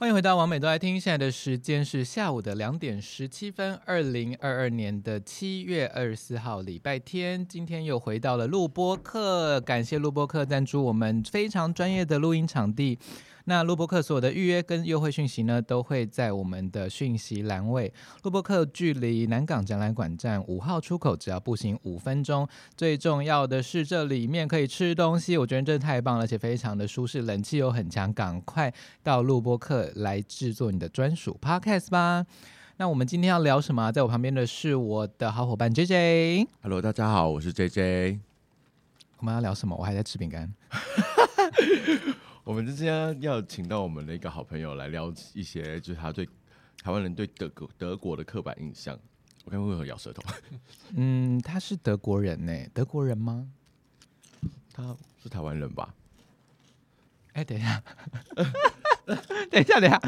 歡迎回到網美都愛聽，現在的時間是下午的兩點十七分，二零二二年的七月二十四號禮拜天，今天又回到了錄播客，感謝錄播客贊助我們非常專業的錄音場地。那錄播客所有的預約跟優惠訊息呢，都會在我們的訊息欄位。錄播客距離南港展覽館站五號出口，只要步行五分鐘。最重要的是，這裡面可以吃東西，我覺得真的太棒了，而且非常的舒適，冷氣又很強。趕快到錄播客來制作你的專屬 Podcast 吧！那我們今天要聊什麼？在我旁邊的是我的好夥伴 JJ。Hello，大家好，我是 JJ。我們要聊什麼？我還在吃餅乾。 我們今天要請到我們的一個好朋友來聊一些，就是他對台灣人對德國德國的刻板印象。我看會不會咬舌頭。嗯，他是德國人呢、欸？德國人嗎？他是台灣人吧？哎、欸，等一下， 等一下，等一下。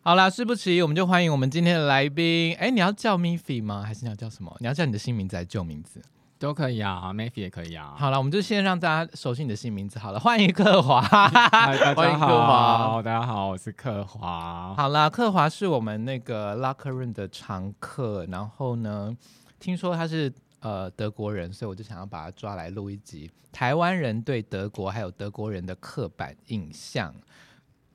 好啦，事不宜遲，我們就歡迎我們今天的來賓。哎、欸，你要叫 Mefi 嗎？還是你要叫什麼？你要叫你的新名字還是舊名字？都可以啊，Mefi 也可以啊。好了，我們就先讓大家熟悉你的新名字好了。歡迎克華， 歡迎克華。大家好，我是克華。好了，克華是我們那個 Locker Room 的常客，然後呢，聽說他是呃德國人，所以我就想要把他抓來錄一集台灣人對德國還有德國人的刻板印象。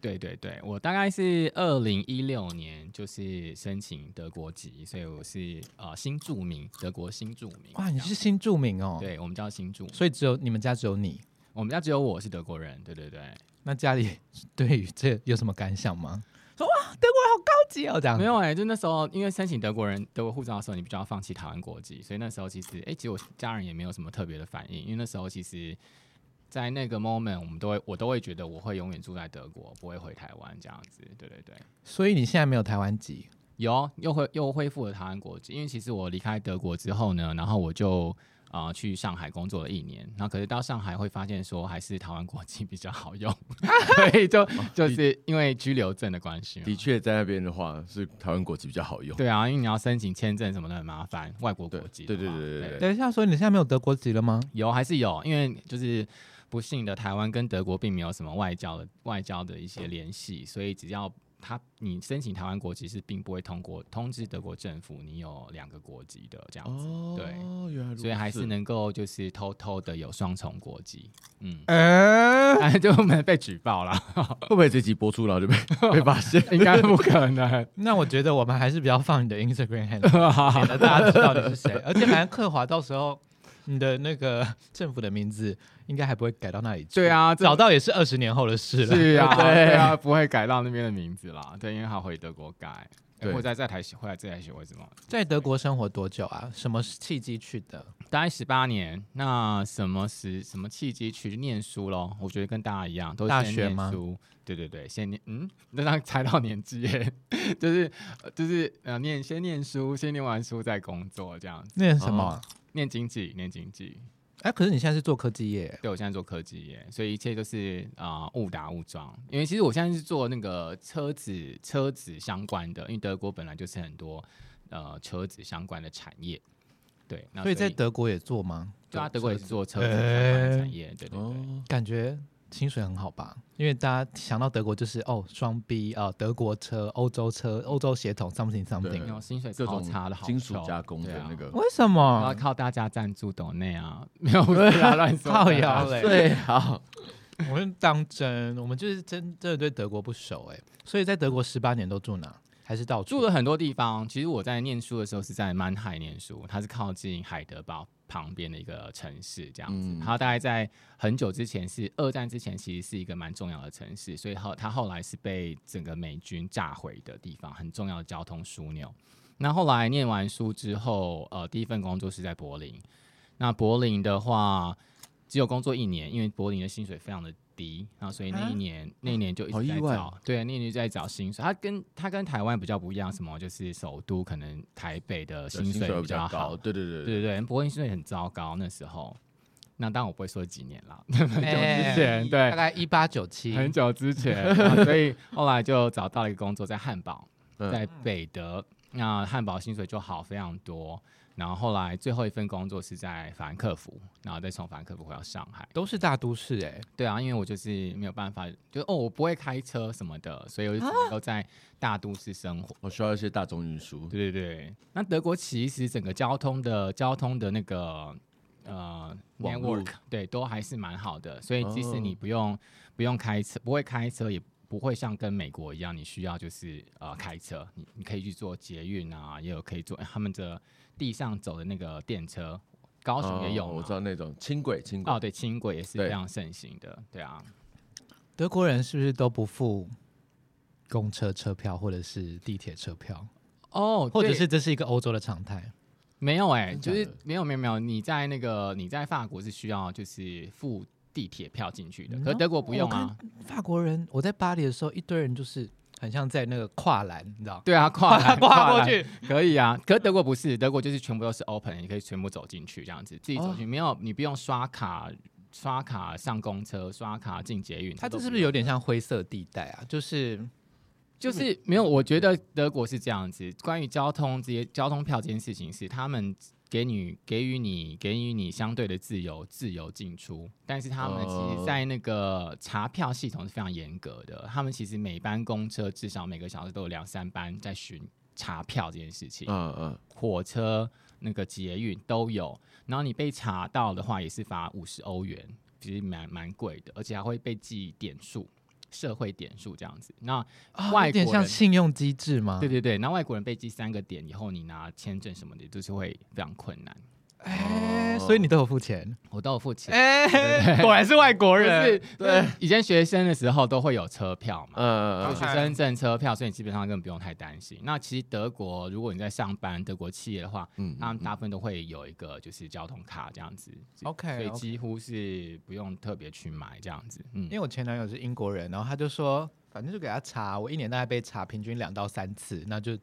對對對，我大概是二零一六年就是申請德國籍，所以我是呃，新住民，德國新住民。哇，你是新住民哦。對，我們叫新住民，所以只有你們家只有你，我們家只有我是德國人。對對對，那家裡對於這有什麼感想嗎？說哇，德國人好高級哦，這樣。沒有哎、欸，就那時候因為申請德國人德國護照的時候，你必須要放棄台灣國籍，所以那時候其實哎，其實我家人也沒有什麼特別的反應，因為那時候其實。在那個 moment，我們都會我都會覺得我會永遠住在德國，不會回台灣這樣子，對對對。所以你現在沒有台灣籍？有，又會又恢復了台灣國籍。因為其實我離開德國之後呢，然後我就啊、呃、去上海工作了一年。那可是到上海會發現說，還是台灣國籍比較好用， 所以就、 哦、就是因為居留證的關係。的確，在那邊的話是台灣國籍比較好用。對啊，因為你要申請簽證什麼的很麻煩，外國國籍對。對對對，等一下，說你現在沒有德國籍了嗎？有還是有？因為就是。不幸的台灣跟德國並沒有什麼外交的外交的一些聯繫，嗯，所以只要他你申請台灣國籍，是並不會通過通知德國政府你有兩個國籍的這樣子。哦、對原來，所以還是能夠就是偷偷的有雙重國籍，嗯，哎、欸啊，就沒被舉報了，會不會這集播出了就被 被發現？應該不可能。 那我覺得我們還是比較放你的 Instagram handle， 大家知道你是誰。 而且反正克華到時候你的那個政府的名字。應該還不會改到那裡去。對啊，找到也是二十年後的事了。是啊，對啊，不會改到那邊的名字啦。對，因為他回德國改，會在、欸、在台，會在在台學，台學會什麼？在德國生活多久啊？什麼契機去的？大概十八年。那什麼時什麼契機去念書咯？我覺得跟大家一樣，都是先念書大學嗎？對對對，先念，嗯，那剛猜到年紀，就是就是呃，念先念書，先念完書再工作這樣，念什麼？念經濟，念經濟。哎、欸，可是你現在是做科技業，欸？對，我現在做科技業，所以一切都、就是啊呃、誤打誤撞。因為其實我現在是做那個車子、車子相關的，因為德國本來就是很多呃車子相關的產業，對。所以，所以在德國也做嗎？對啊，德國也是做車子相關的產業，欸、對對對，感覺。薪水很好吧？因為大家想到德國就是哦，雙 B 啊、哦，德國車、歐洲車、歐洲血統，something something，有、嗯、薪水高，差的好，金屬加工的那個。啊、為什麼？我要靠大家贊助斗內啊，沒有不要亂造謠嘞。最 好 我們當真，我們就是真真的對德國不熟、欸、所以在德國十八年都住哪？還是到住了很多地方。其實我在念書的時候是在曼海念書，它是靠近海德堡。旁邊的一個城市這樣子，它大概在很久之前是二戰之前，其實是一個蠻重要的城市，所以後它後來是被整個美軍炸毀的地方，很重要的交通樞紐。那後來念完書之後，呃，第一份工作是在柏林。那柏林的話，只有工作一年，因為柏林的薪水非常的。然、啊、後所以那一年、啊，那一年就一直在找，哦、對，那一年就在找薪水。他跟他跟台灣比較不一樣，什麼就是首都可能台北的薪水比較，好薪水比較高，對對對對對，對，對，對，不過薪水很糟糕那時候。那當然我不會說幾年了，欸、 很久之前，對，大概一八九七，很久之前， 所以後來就找到了一個工作在，在漢堡，在北德，那漢堡薪水就好非常多。然後後來最後一份工作是在法蘭克福，然後再從法蘭克福回到上海，都是大都市誒、欸，對啊，因為我就是沒有辦法，就哦我不會開車什麼的，所以我就只能夠在大都市生活。我需要的是大眾運輸。對對對，那德國其實整個交通的交通的那個呃、啊、network，對，都還是蠻好的。所以即使你不用不用開車，不會開車，也不會像跟美國一樣，你需要就是呃開車。你你可以去坐捷運啊，也有可以坐、哎、他們的。地上走的那個電車，高雄也有、哦。我知道那種輕軌，輕軌哦，對，輕軌也是非常盛行的對。對啊，德國人是不是都不付公車車票或者是地鐵車票？哦對，或者是這是一個歐洲的常態？沒有哎、欸，就是沒有沒有沒有。你在那個你在法國是需要就是付地鐵票進去的，嗯哦、可是德國不用啊。法國人，我在巴黎的時候一堆人就是。很像在那個跨欄，你知道？對啊，跨欄跨過去跨可以啊。可是德國不是，德國就是全部都是 open，你可以全部走進去這樣子，自己走進、哦，沒有你不用刷卡，刷卡上公車，刷卡進捷運。它這是不是有點像灰色地帶啊？就是就是、嗯、沒有，我覺得德國是這樣子。關於交通這些交通票這件事情是，是他們。給你給予你給予你相對的自由，自由進出。但是他們其實，在那個查票系統是非常嚴格的。他們其實每班公車至少每個小時都有兩三班在巡查票這件事情。嗯、啊、嗯、啊，火車那個捷運都有。然後你被查到的話，也是罰五十歐元，其實蠻蠻貴的，而且還會被記點數，社會點數這樣子，那外國人、哦、有點像信用機制嗎？對對對，那外國人被記三個點以後，你拿簽證什麼的就是會非常困難。哎、欸，oh. 所以你都有付錢，我都有付錢，哎、欸，果然是外國人、就是對。對，以前學生的時候都會有車票嘛，呃、嗯，學生證車票，所以基本上根本不用太擔心。Okay. 那其實德國，如果你在上班，德國企業的話，他、嗯、們、嗯、大部分都會有一個就是交通卡這樣子，OK，所以幾乎是不用特別去買這樣子、okay. 嗯。因為我前男友是英國人，然後他就說，反正就給他查，我一年大概被查平均兩到三次，那就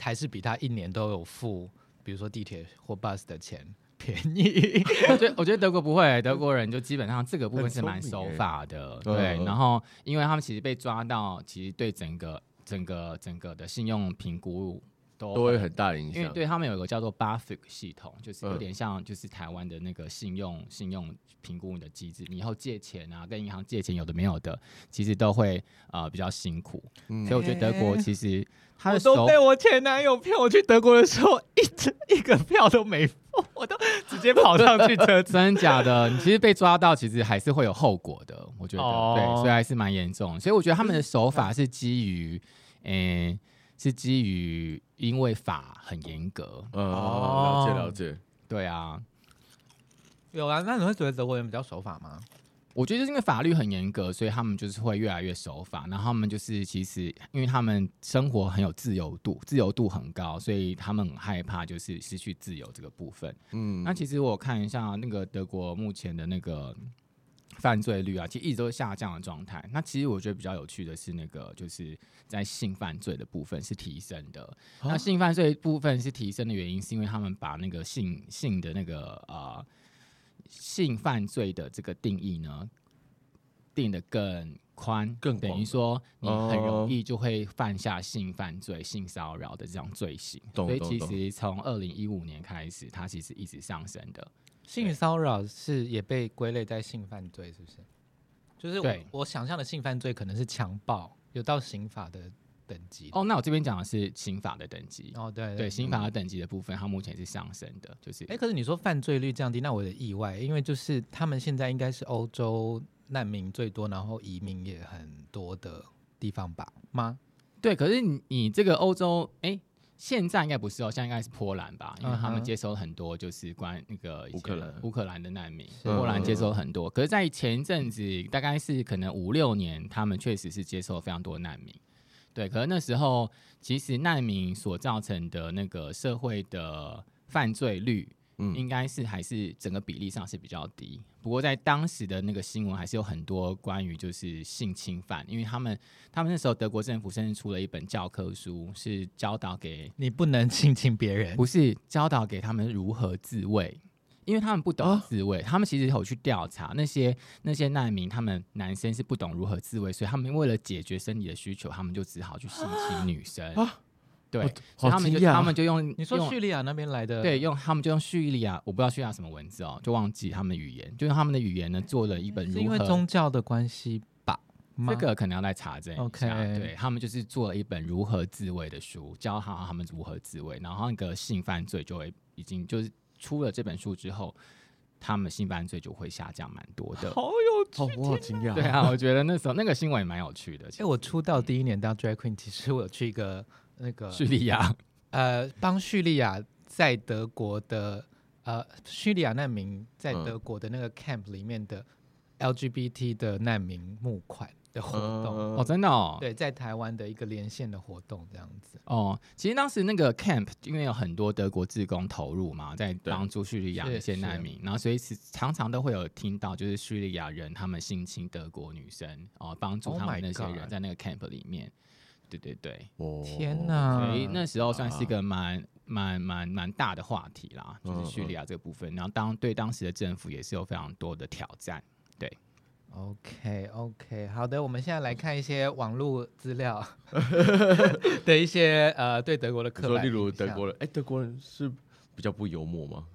還是比他一年都有付。比如說地鐵或 bus 的錢便宜， 我覺得我覺得德國不會， 德國人就基本上這個部分是蠻守法的、欸，對。然後，因為他們其實被抓到，其實對整個整個整個的信用評估。都會很大的影響，因為對他們有一個叫做 b 巴福克系統，就是有點像就是台灣的那個信用信用評估你的機制。你以後借錢啊，跟銀行借錢有的沒有的，其實都會啊、呃、比較辛苦、嗯。所以我覺得德國其實他的、欸、我都被我前男友騙我去德國的時候，一直一個票都沒，付，我都直接跑上去車。 真假的？你其實被抓到，其實還是會有後果的。我覺得、哦、對，所以還是蠻嚴重。所以我覺得他們的手法是基於嗯。欸是基於因為法很嚴格，嗯、哦，了解了解，對啊，有啊，那你會覺得德國人比較守法嗎？我覺得就是因為法律很嚴格，所以他們就是會越來越守法。然後他們就是其實因為他們生活很有自由度，自由度很高，所以他們很害怕就是失去自由這個部分。嗯，那其實我看一下那個德國目前的那個。犯罪率啊，其實一直都下降的狀態。那其實我覺得比較有趣的是，那個就是在性犯罪的部分是提升的。那性犯罪部分是提升的原因，是因為他們把那個性性的那個啊、呃、性犯罪的這個定義呢定得更寬，更等於說你很容易就會犯下性犯罪、性騷擾的這種罪行。所以其實從二零一五年開始，它其實一直上升的。性騷擾是也被歸類在性犯罪，是不是？就是我對我想象的性犯罪可能是強暴，有到刑法的等級的。哦，那我這邊講的是刑法的等級。哦，對對，對，對，刑法的等級的部分，它、嗯、目前是上升的。就是，哎、欸，可是你說犯罪率降低，那我有點意外，因為就是他們現在應該是歐洲難民最多，然後移民也很多的地方吧？嗎？對，可是你你這個歐洲，誒、欸。現在應該不是哦，現在應該是波蘭吧、嗯，因為他們接收很多就是關那個烏克蘭烏克蘭的難民，烏克蘭波蘭接收很多。是可是，在前陣子、嗯，大概是可能五六年，他們確實是接收非常多難民。對，可能那時候其實難民所造成的那個社會的犯罪率。嗯，應該是還是整個比例上是比較低。不過在當時的那個新聞，還是有很多關於就是性侵犯，因為他們他們那時候德國政府甚至出了一本教科書，是教導給你不能性侵別人，不是教導給他們如何自慰，因為他們不懂自慰、啊。他們其實有去調查那些那些難民，他們男生是不懂如何自慰，所以他們為了解決生理的需求，他們就只好去性侵女生。啊啊對、哦他們就，他們就他們就用你說敘利亞那邊來的對，用他們就用敘利亞，我不知道敘利亞什麼文字哦，就忘記他們語言，就用他們的語言呢做了一本如何，因為宗教的關係吧？這個可能要來查證一下 OK，對他們就是做了一本如何自慰的書，教他他們如何自慰，然後那個性犯罪就會已經就是出了這本書之後，他們性犯罪就會下降蠻多的。好有趣、啊，哦、好驚訝，對啊，我覺得那時候 那個新聞也蠻有趣的。其實我出道第一年當 Drag Queen，其實我有去一個。那個敘利亞，呃，幫敘利亞在德國的，呃，敘利亞難民在德國的那個 camp 裡面的 LGBT 的難民募款的活動哦，真的，哦，對，在台灣的一個連線的活動這樣子，嗯、哦，哦，這樣子哦。其實當時那個 camp 因為有很多德國志工投入嘛，在幫助敘利亞一些難民，然後所以常常都會有聽到，就是敘利亞人他們性侵德國女生哦，幫助他們那些人在那個 camp 裡面。Oh 對對對，天吶！所以那時候算是一個蠻蠻蠻蠻大的話題啦，就是敘利亞這個部分。嗯嗯，然後當對，當時的政府也是有非常多的挑戰。對，OK OK，好的，我們現在來看一些網絡資料 的一些呃，對德國的刻板印象。例如德國人，哎，德國人是比較不幽默嗎？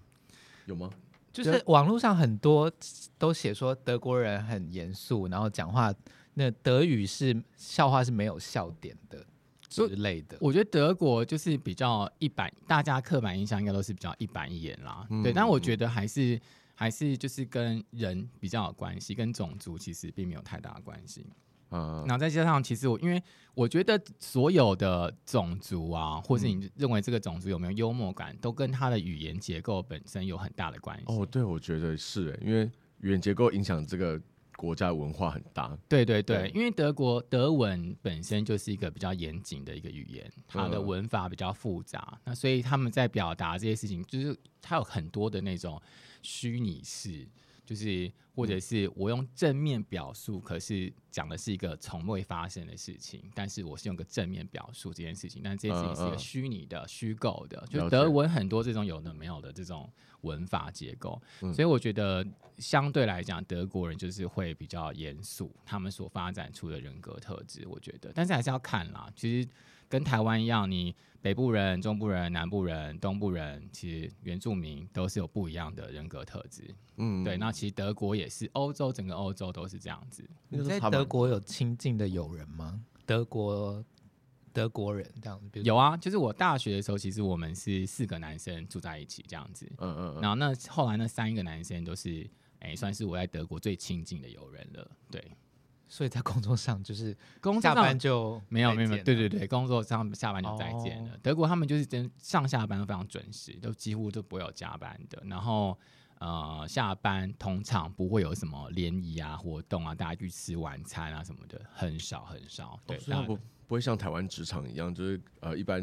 有嗎？就是網絡上很多都寫說德國人很嚴肅，然後講話。那德語是笑話是沒有笑點的之類的。我覺得德國就是比較一板，大家刻板印象應該都是比較一板一眼啦，嗯。對，但我覺得還是還是就是跟人比較有關係，跟種族其實並沒有太大的關係。嗯，然後再加上其實我因為我覺得所有的種族啊，或是你認為這個種族有沒有幽默感，嗯，都跟他的語言結構本身有很大的關係。哦，對，我覺得是欸，因為語言結構影響這個。國家文化很大，對對對，對因為德國德文本身就是一個比較嚴謹的一個語言，它的文法比較複雜，嗯、那所以他們在表達這些事情，就是它有很多的那種虛擬式，就是或者是我用正面表述，嗯、可是講的是一個從未發生的事情，但是我是用個正面表述這件事情，但這件事情是一個虛擬的、虛、嗯、構、嗯、的，就是、德文很多這種有的沒有的這種。嗯嗯文法結構，所以我覺得相對來講，德國人就是會比較嚴肅，他們所發展出的人格特質，我覺得，但是還是要看啦。其實跟台灣一樣，你北部人、中部人、南部人、東部人，其實原住民都是有不一樣的人格特質。嗯，嗯，嗯，對。那其實德國也是歐洲，整個歐洲都是這樣子。你在德國有親近的友人嗎？德國。德國人這樣子比如，有啊，就是我大學的時候，其實我們是四個男生住在一起這樣子，嗯嗯，嗯，然後那後來那三個男生都是，哎、欸，算是我在德國最親近的友人了，對、嗯，所以在工作上就是就，工作下班就沒有沒有，對對對，工作上下班就再見了。哦、德國他們就是真上下班都非常準時，都幾乎都不會有加班的，然後呃，下班通常不會有什麼聯誼啊、活動啊，大家去吃晚餐啊什麼的，很少很少，對。哦不會像台灣職場一樣，就是呃，一般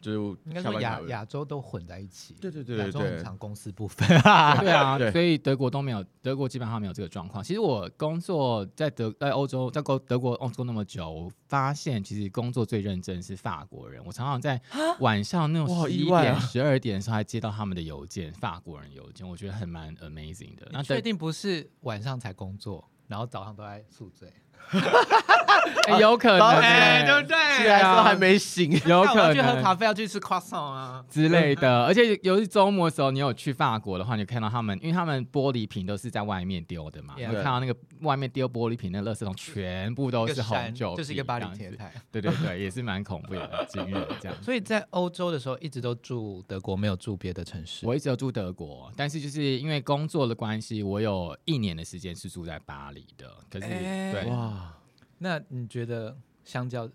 就是應該說亞亞洲都混在一起。對對對對，對，對，對，亞洲很常公司不分。 對啊， 所以德國都沒有，德國基本上沒有這個狀況。其實我工作在德在歐洲，在國德國歐洲那麼久，我發現其實工作最認真是法國人。我常常在晚上那種十一點、十二點、 點的時候還接到他們的郵件，法國人郵件，我覺得很蠻 amazing 的。那的確定不是晚上才工作，然後早上都在宿醉。 欸、有可能、哦對，對不對？對啊，還沒醒。有可能 要去喝咖啡，要去吃 croissant 啊之類的。 而且尤其周末的時候，你有去法國的話，你就看到他們，因為他們玻璃瓶都是在外面丟的嘛，你、yeah. 看到那個外面丟玻璃瓶那樂垃圾桶全部都是紅酒。就是一個巴黎鐵塔。對對對，也是蠻恐怖的， 的這樣，所以在歐洲的時候，一直都住德國，沒有住別的城市。我一直都住德國，但是就是因為工作的關係，我有一年的時間是住在巴黎的。可是，欸、對那你覺得，相較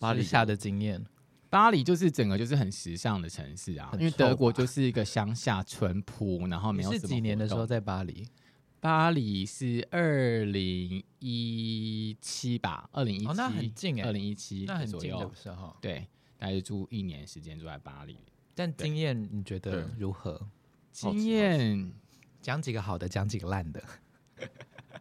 巴黎下的經驗，巴黎就是整個就是很時尚的城市啊。因為德國就是一個鄉下淳樸，然後沒有什麼。是幾年的時候在巴黎？巴黎是二零一七吧？二零一七？哦，那很近哎、欸。二零一七那左右，很久的時候對，大概就住一年時間住在巴黎。但經驗你覺得如何？嗯、經驗講、哦、幾個好的，講幾個爛的。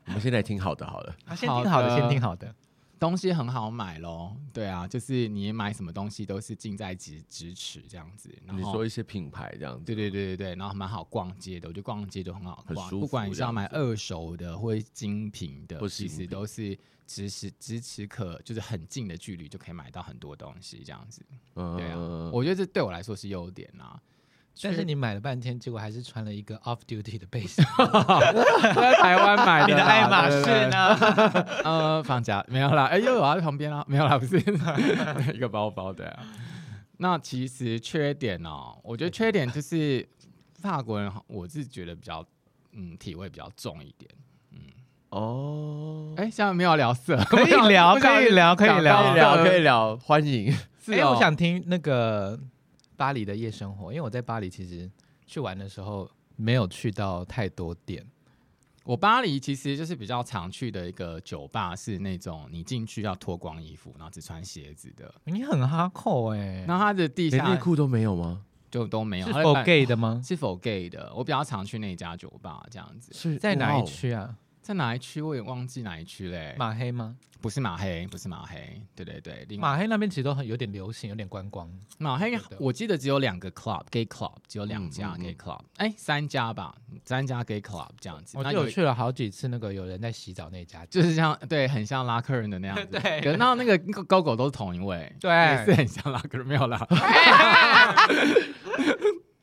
我們現在聽好的，好了。啊，先聽好的，好的，先聽好的。東西很好買咯，對啊，就是你買什麼東西都是近在咫咫尺這樣子。你說一些品牌這樣子。對對對對對，然後蠻好逛街的，我覺得逛街都很好逛，逛不管你是要買二手的，或是精品的是精品，其實都是咫尺咫尺可，就是很近的距離就可以買到很多東西這樣子。對啊，嗯、我覺得這對我來說是優點吶。但是你買了半天，結果還是穿了一個 off duty 的背心。 在台灣買的，你的愛馬仕呢？對對對 呃，放假沒有啦。哎、欸，又有啊，旁邊啊，沒有啦，不是。 一個包包的，啊。那其實缺點哦、喔，我覺得缺點就是法國人，我自己覺得比較，嗯，體味比較重一點。嗯。哦。哎，現在沒有要聊色，可以聊， 可以聊，可以聊，可以聊，可以聊，嗯、歡迎。哎、喔欸，我想聽那個。巴黎的夜生活，因為我在巴黎其實去玩的時候沒有去到太多店。我巴黎其實就是比較常去的一個酒吧，是那種你進去要脫光衣服，然後只穿鞋子的。你很哈扣哎、欸，那他的地下內褲都沒有嗎？就都沒有。是否 gay 的嗎？哦、是否 gay 的？我比較常去那家酒吧這樣子。是在哪一區啊？在哪一區我也忘記哪一區嘞、欸？馬黑嗎？不是馬黑，不是馬黑，對對對，馬黑那邊其實都很有點流行，有點觀光。馬黑對對對我記得只有兩個 club，gay club gay club, 只有兩家、嗯嗯嗯、gay club，哎，三家吧，三家 gay club 這樣子。我就有有去了好幾次那個有人在洗澡那家，就是像對，很像拉客人的那樣子。 對，等到那個狗狗都是同一位，對，對是很像拉客沒有啦。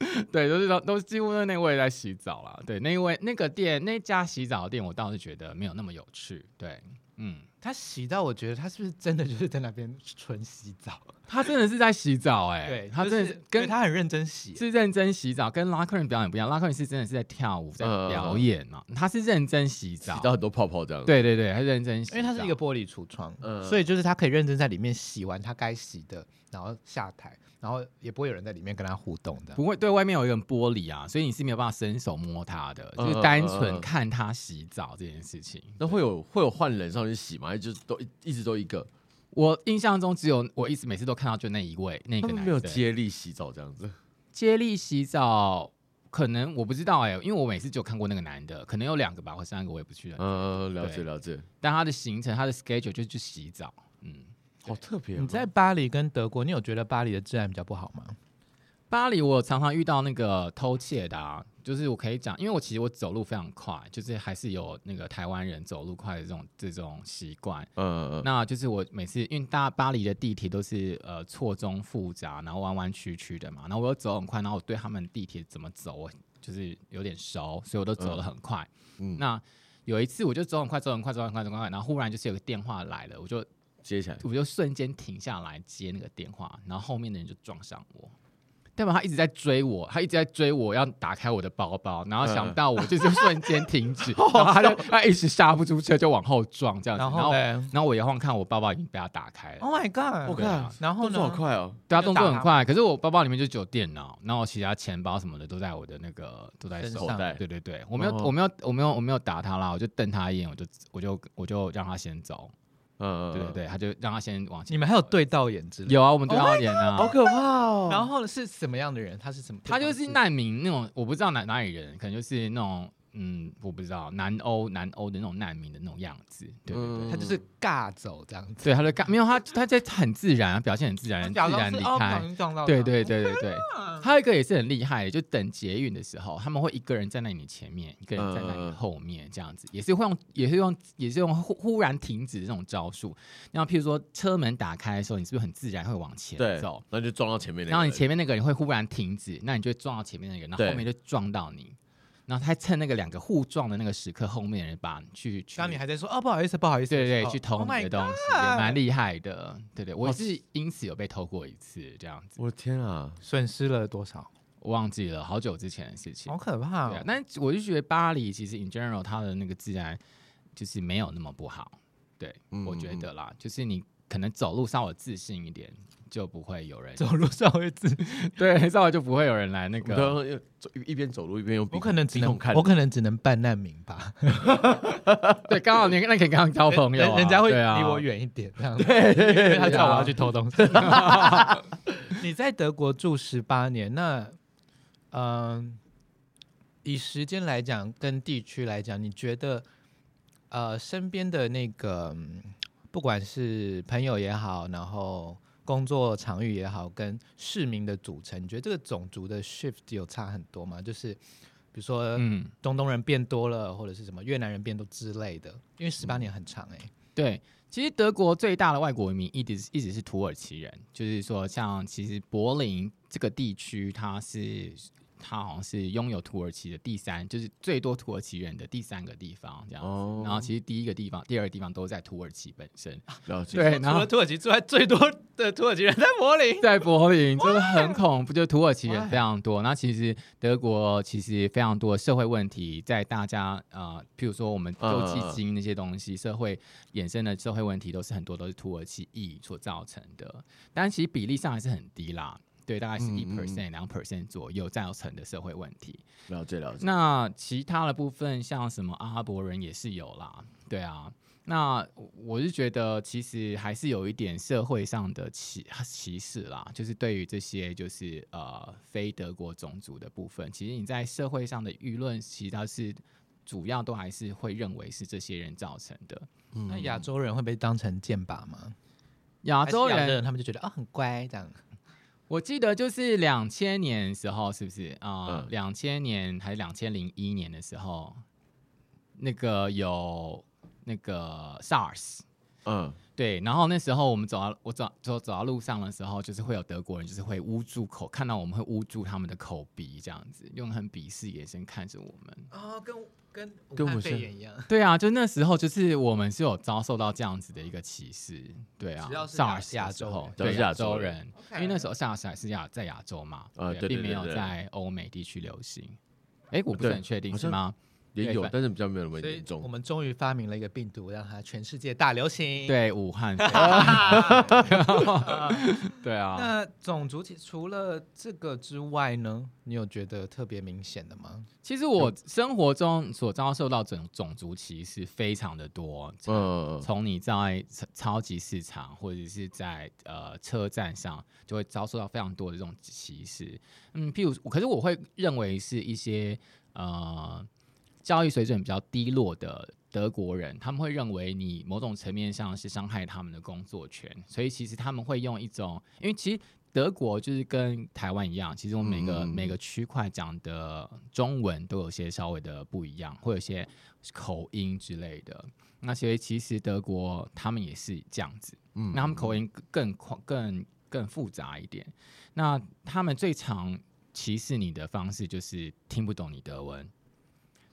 對，都是都是幾乎都那位在洗澡啦。對，那一位那個店那家洗澡的店，我倒是覺得沒有那麼有趣。對，嗯，他洗到，我覺得他是不是真的就是在那邊純洗澡？他真的是在洗澡、欸，哎， 對，他真的是跟、就是、他很認真洗，是認真洗澡，跟拉客人表演不一樣。拉客人是真的是在跳舞在表演嘛、啊嗯？他是認真洗澡，洗到很多泡泡這樣對對對，他認真洗，因為他是一個玻璃櫥窗、嗯，所以就是他可以認真在裡面洗完他該洗的，然後下台。然後也不會有人在裡面跟他互動的、不會對，外面有一個玻璃啊，所以你是沒有辦法伸手摸他的。嗯，就是單純、嗯嗯、看他洗澡這件事情。那會有會有換人上去洗嗎？就都一,一直都一個，我印象中只有我一直每次都看到就那一位那個男生沒有接力洗澡這樣子，接力洗澡可能我不知道哎，欸，因為我每次就看過那個男的，可能有兩個吧或三個，我也不去了。嗯嗯嗯。呃，了解了解。但他的行程，他的 schedule 就是去洗澡，嗯。好特別！你在巴黎跟德國，你有覺得巴黎的治安比較不好嗎？巴黎我常常遇到那個偷竊的啊，就是我可以講，因為我其實我走路非常快，就是還是有那個台灣人走路快的這種這種習慣。嗯嗯。那就是我每次因為大巴黎的地鐵都是呃錯綜複雜，然後彎彎曲曲的嘛，然後我又走很快，然後我對他們地鐵怎麼走，我就是有點熟，所以我都走得很快。嗯。嗯。那有一次我就走很快，走很快，走很快，走很快，然後忽然就是有個電話來了，我就接起來，我就瞬間停下來接那個電話，然後後面的人就撞上我。對吧？他一直在追我，他一直在追我要打開我的包包，然後想到我 就是瞬間停止， 然後他就 他一直剎不住車就往後撞這樣子然。然後，然後我搖晃看我包包已經被他打開了。Oh my god！、啊、我靠，然後動作很快哦，對啊他，動作很快。可是我包包裡面就只有電腦，然後其他錢包什麼的都在我的那個都在手上。對對對，我沒有, oh. 我沒有，我沒有，我沒有，我沒有打他啦，我就瞪他一眼，我就我就我就讓他先走。呃， 對對對，他就讓他先往前。你們還有對到眼之類？有啊，我們對到眼啊，好可怕哦。然後是什麼樣的人？他是什麼？他就是難民那種，我不知道哪哪裡人，可能就是那種。嗯，我不知道南歐南歐的那種難民的那種樣子，對對對，嗯、他就是尬走這樣子，對，他就尬沒有他，他在很自然，表現很自然， 自然離離開， 對，對對對對對。還 有一個也是很厲害的，就等捷運的時候，他們會一個人站在你前面，一個人站在你後面這樣子，也是會用，也是用，也是用忽忽然停止這種招數。然後譬如說車門打開的時候，你是不是很自然會往前走？那就撞到前面的人。然後你前面那個人會忽然停止，那你就會撞到前面那個人，然後後面就撞到你。然後他趁那個兩個互撞的那個時刻，後面人把去去，當你還在說哦，不好意思不好意思，對對，去偷你的東西，蠻厲害的，對對，我是因此有被偷過一次這樣子。我的天啊，損失了多少？我忘記了，好久之前的事情，好可怕。那我就覺得巴黎其實 in general 它的那個治安就是沒有那麼不好，對，我覺得啦，就是你。可能走路稍微自信一點，就不會有人走路稍微自 對，稍微就不會有人來那個。一邊走路一邊又，不可能只同我可能只能辦難民吧。 對，剛好你 那可以剛好交朋友、啊、人家會離我遠一點，這樣、啊。對、啊， 因為他叫我要去偷東西。 你在德國住十八年，那嗯、呃，以時間來講，跟地區來講，你覺得呃，身邊的那個？嗯不管是朋友也好，然後工作場域也好，跟市民的組成，你覺得這個種族的 shift 有差很多嗎？就是比如說，嗯，中東人變多了，嗯、或者是什麼越南人變多之類的。因為十八年很長哎、欸嗯。對，其實德國最大的外國移民一直一直是土耳其人，就是說，像其實柏林這個地區，它是。嗯它好像是擁有土耳其的第三，就是最多土耳其人的第三個地方這樣、oh. 然後其實第一個地方、第二個地方都在土耳其本身。對，然後土耳其住在最多的土耳其人在柏林，在柏林就是，很恐怖。Why? 就土耳其人非常多。那其實德國其實非常多社會問題，在大家啊、呃，譬如說我們救濟金那些東西，uh. 社會衍生的社會問題都是很多都是土耳其裔所造成的，但其實比例上還是很低啦。對，大概是一 percent、嗯、兩 percent 左右造成的社會問題。了、嗯、解，了解。那其他的部分，像什麼阿拉伯人也是有啦。對啊，那我是覺得其實還是有一點社會上的歧歧視啦，就是對於這些就是呃非德國種族的部分，其實你在社會上的輿論，其實它是主要都還是會認為是這些人造成的。嗯、那亞洲人會被當成箭靶嗎？亞洲人，洲人他們就覺得啊、哦，很乖這樣。我記得就是兩千年的時候，是不是啊？uh，嗯，兩千年還是兩千零一年的時候，那個有那個 SARS，嗯，對。然後那時候我們走到，我走走走到路上的時候，就是會有德國人，就是會捂住口，看到我們會捂住他們的口鼻，這樣子用很鄙視眼神看着我們啊，跟。跟，跟武漢肺炎一樣，對啊，就那時候就是我們是有遭受到這樣子的一個歧視，對啊，主要是亞洲，人上亞洲，人上亞洲人，對亞洲，洲人，因為那時候薩斯洲是亞在亞洲嘛，呃、啊，並沒有在歐美地區流行。哎、欸，我不是很確定是嗎？也有，但是比較沒有那麼嚴重。我們終於發明了一個病毒，讓它全世界大流行。對，武漢。 對啊，那種族歧視，除了這個之外呢？你有覺得特別明顯的嗎？其實我生活中所遭受到種種族歧視非常的多，嗯、呃，從你在超級市場或者是在呃車站上，就會遭受到非常多的這種歧視，嗯，譬如，可是我會認為是一些呃。教育水準比較低落的德國人，他們會認為你某種層面上是傷害他們的工作權，所以其實他們會用一種，因為其實德國就是跟台灣一樣，其實我們每個每個區塊講的中文都有些稍微的不一樣，會有些口音之類的。那所以其實德國他們也是這樣子，那他們口音更更更更複雜一點。那他們最常歧視你的方式就是聽不懂你德文。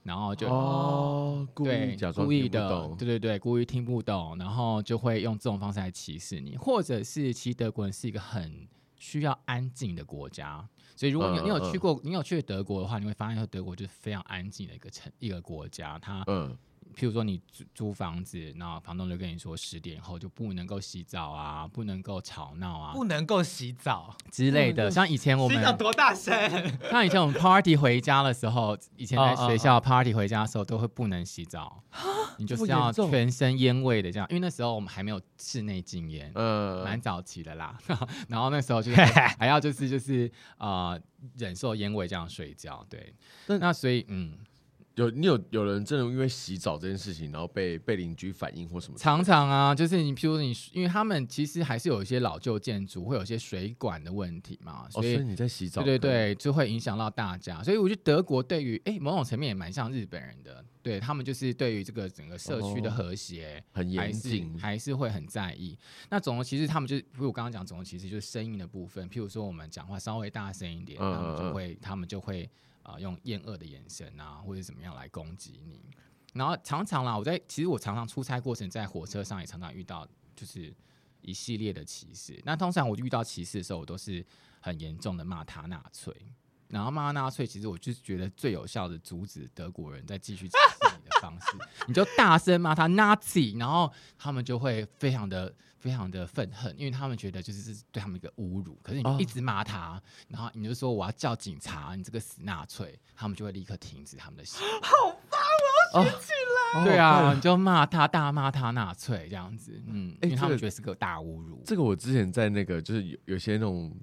然後就哦故意，對，故意的，對對對，故意聽不懂，然後就會用這種方式來歧視你，或者是其實德國人是一個很需要安靜的國家，所以如果你、嗯、你有去過，嗯、你有去德國的話，你會發現說德國就是非常安靜的一個城，一個國家，它、嗯譬如說，你租租房子，然後房東就跟你說，十點後就不能夠洗澡啊，不能夠吵鬧啊，不能夠洗澡之類的、嗯。像以前我們洗澡多大聲！像以前我們 party 回家的時候，以前在學校 party 回家的時候，哦哦哦都會不能洗澡，你就是要全身烟味的這樣，因為那時候我們還沒有室內禁菸，呃、嗯，蠻早期的啦。 然後那時候就是還, 還要就是就是呃忍受煙味這樣睡覺。對，那所以嗯。有你有有人真的因為洗澡這件事情，然後被被鄰居反映或什麼？常常啊，就是你，譬如你，因為他們其實還是有一些老舊建築，會有一些水管的問題嘛，所以，哦、所以你在洗澡的，對對對，對對對，就會影響到大家。所以我覺得德國對於誒、欸、某種層面也蠻像日本人的，對他們就是對於這個整個社區的和諧、哦哦、很嚴謹，還是會很在意。那總的其實他們就是，比如我剛剛講，總的其實就是聲音的部分，譬如說我們講話稍微大聲一點嗯嗯嗯，他們就會，他們就會。啊，用厭惡的眼神啊，或者怎麼樣來攻擊你。然後常常啦，我在其實我常常出差過程在火車上也常常遇到，就是一系列的歧視。那通常我遇到歧視的時候，我都是很嚴重的罵他納粹。然後罵他納粹，其實我就覺得最有效的阻止德國人再繼續歧視你的方式， 你就大聲罵他納粹，然後他們就會非常的。非常的憤恨，因為他們覺得就是，是對他們一個侮辱。可是你一直罵他，啊，然後你就說我要叫警察，你這個死納粹，他們就會立刻停止他們的行為。好吧，我要學起來，啊。對啊，你、嗯、就罵他，大罵他納粹這樣子，嗯、欸，因為他們覺得是個大侮辱。這個、這個、我之前在那個就是有有些那種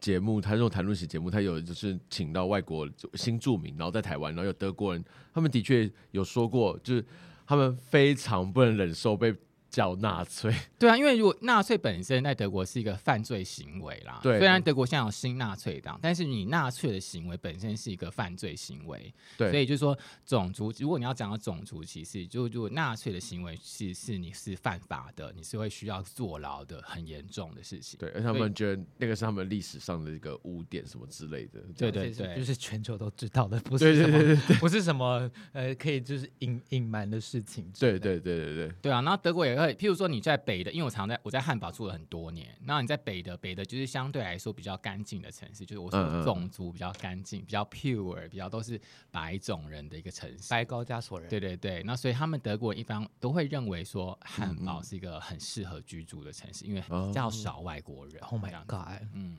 節目，他那種談論型節目，他有就是請到外國新住民，然後在台灣，然後有德國人，他們的確有說過，就是他們非常不能忍受被叫納粹，對啊，因為如果納粹本身在德國是一個犯罪行為啦，對，雖然德國現在有新納粹黨，但是你納粹的行為本身是一個犯罪行為，對，所以就是說種族，如果你要講到種族歧視，就如果納粹的行為是是你是犯法的，你是會需要坐牢的，很嚴重的事情，對，對而他們覺得那個是他們歷史上的一個污點什麼之類的，對,對對對，就是全球都知道的，不是什麼對對對對對對不是什麼呃可以就是隱隱瞞的事情的，對,對對對對對，對啊，然後德國也。對，譬如說你在北的，因為我常在我在漢堡住了很多年。那你在北的，北的就是相對來說比較乾淨的城市，就是我說的種族比較乾淨，嗯嗯，比較 pure、比較都是白種人的一個城市。白高加索人。對對對，那所以他們德國人一般都會認為說漢堡是一個很適合居住的城市，嗯嗯，因為比較少外國人。嗯、Oh my god！嗯，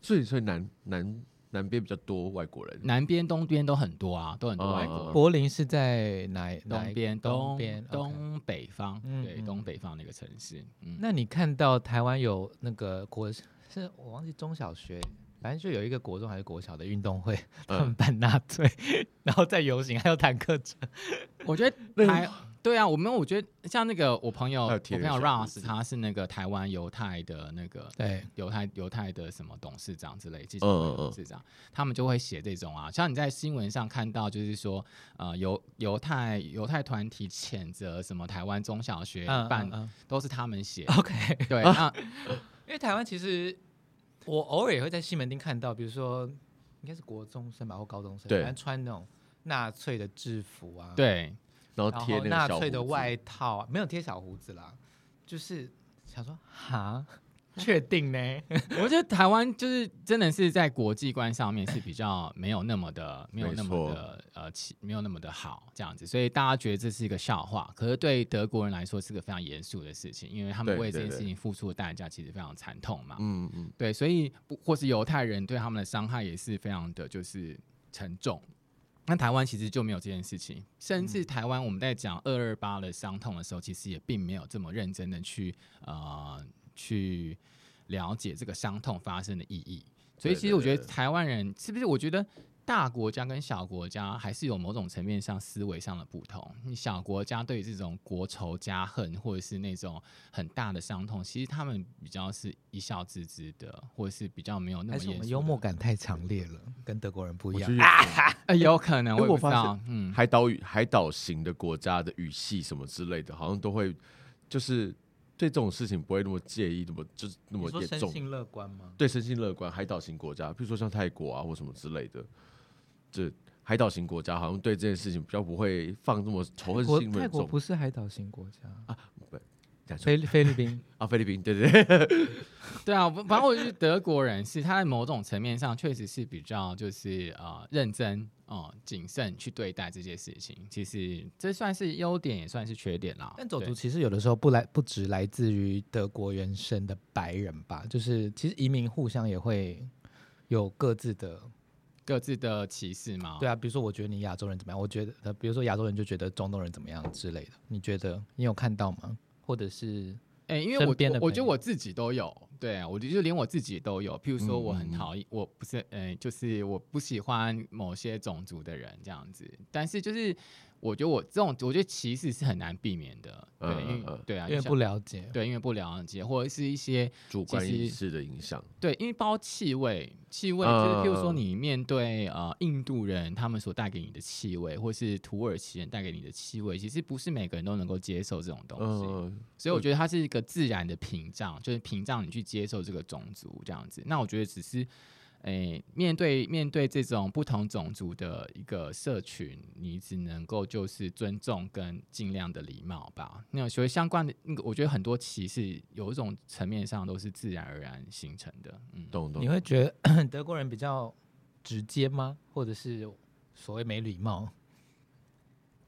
所以所以南南。南邊比較多外國人，南邊、東邊都很多啊，都很多外國人、嗯嗯嗯嗯。柏林是在哪？東邊、東邊、東北方，okay、對、嗯，東北方那個城市。嗯嗯、那你看到台灣有那個國，是我忘記中小學，反正就有一個國中還是國小的運動會，他們辦納粹、嗯，然後在遊行，還有坦克車。 我覺得台。對啊，我們我覺得像那個我朋友，我朋友 Ross 他是那個台灣猶太的那個猶對猶太猶太的什麼董事長之類，基金會董事長、嗯，他們就會寫這種啊、嗯，像你在新聞上看到，就是說呃猶猶太猶太團體譴責什麼台灣中小學辦、嗯嗯嗯，都是他們寫。OK，對、啊、因為台灣其實我偶爾也會在西門町看到，比如說應該是國中生吧或高中生，反正穿那種納粹的制服啊，對。貼納粹的外套，的外套沒有貼小鬍子啦，就是想說哈，確定呢？我覺得台灣就是真的是在國際觀上面是比較沒有那麼的，沒，沒有那麼的呃，沒有那麼的好這樣子，所以大家覺得這是一個笑話，可是對德國人來說是個非常嚴肅的事情，因為他們為這件事情付出的代價其實非常慘痛嘛。嗯嗯，對，所以或是猶太人對他們的傷害也是非常的就是沉重。那台灣其實就沒有這件事情，甚至台灣我們在講二二八的傷痛的時候，嗯，其實也並沒有這麼認真的去呃去了解這個傷痛發生的意義。所以其實我覺得台灣人是不是？我覺得。大國家跟小國家還是有某種層面上思維上的不同。小國家對於這種國仇家恨或者是那種很大的傷痛，其實他們比較是一笑置之的，或者是比較沒有那麼的。還是我們幽默感太強烈了，跟德國人不一樣。有，啊、呃、有可能我也不知道，因為我發現，嗯，海島語、海島型的國家的語系什麼之類的，好像都會就是對這種事情不會那麼介意，那麼就是那麼嚴重。樂觀嗎？對，生性樂觀。海島型國家，比如說像泰國啊或什麼之類的。就海島型國家好像對這件事情比較不會放這麼仇恨心。泰國不是海島型國家啊，不，菲菲律賓啊。菲律賓對對對， 對啊，反反正我就是德國人是，是他在某種層面上確實是比較就是啊、呃、認真啊謹、呃、慎去對待這件事情，其實這算是優點，也算是缺點啦。但種族其實有的時候不來不只來自於德國原生的白人吧，就是其實移民互相也會有各自的。各自的歧視嗎？對啊，比如說，我覺得你亞洲人怎麼樣？我覺得，比如說亞洲人就覺得中東人怎麼樣之類的。你覺得你有看到嗎？或者是，哎、欸，因為我我覺得我自己都有，對啊，我覺得就連我自己都有。譬如說，我很討厭，我不是，哎、欸，就是我不喜歡某些種族的人這樣子，但是就是。我覺得我這種，我覺得歧視是很難避免的，對，因為，對啊，因為不了解，對，因為不了解，或者是一些主觀意識的影響，對，因為包括氣味，氣味就是，譬如說你面對呃印度人，他們所帶給你的氣味，或是土耳其人帶給你的氣味，其實不是每個人都能夠接受這種東西，嗯，所以我覺得它是一個自然的屏障，就是屏障你去接受這個種族這樣子。那我覺得只是。哎、欸，面對面對這種不同種族的一個社群，你只能夠就是尊重跟盡量的禮貌吧。那所以相關的，我覺得很多歧視有一種層面上都是自然而然形成的。懂、嗯、你會覺得呵呵德國人比較直接嗎？或者是所謂沒禮貌？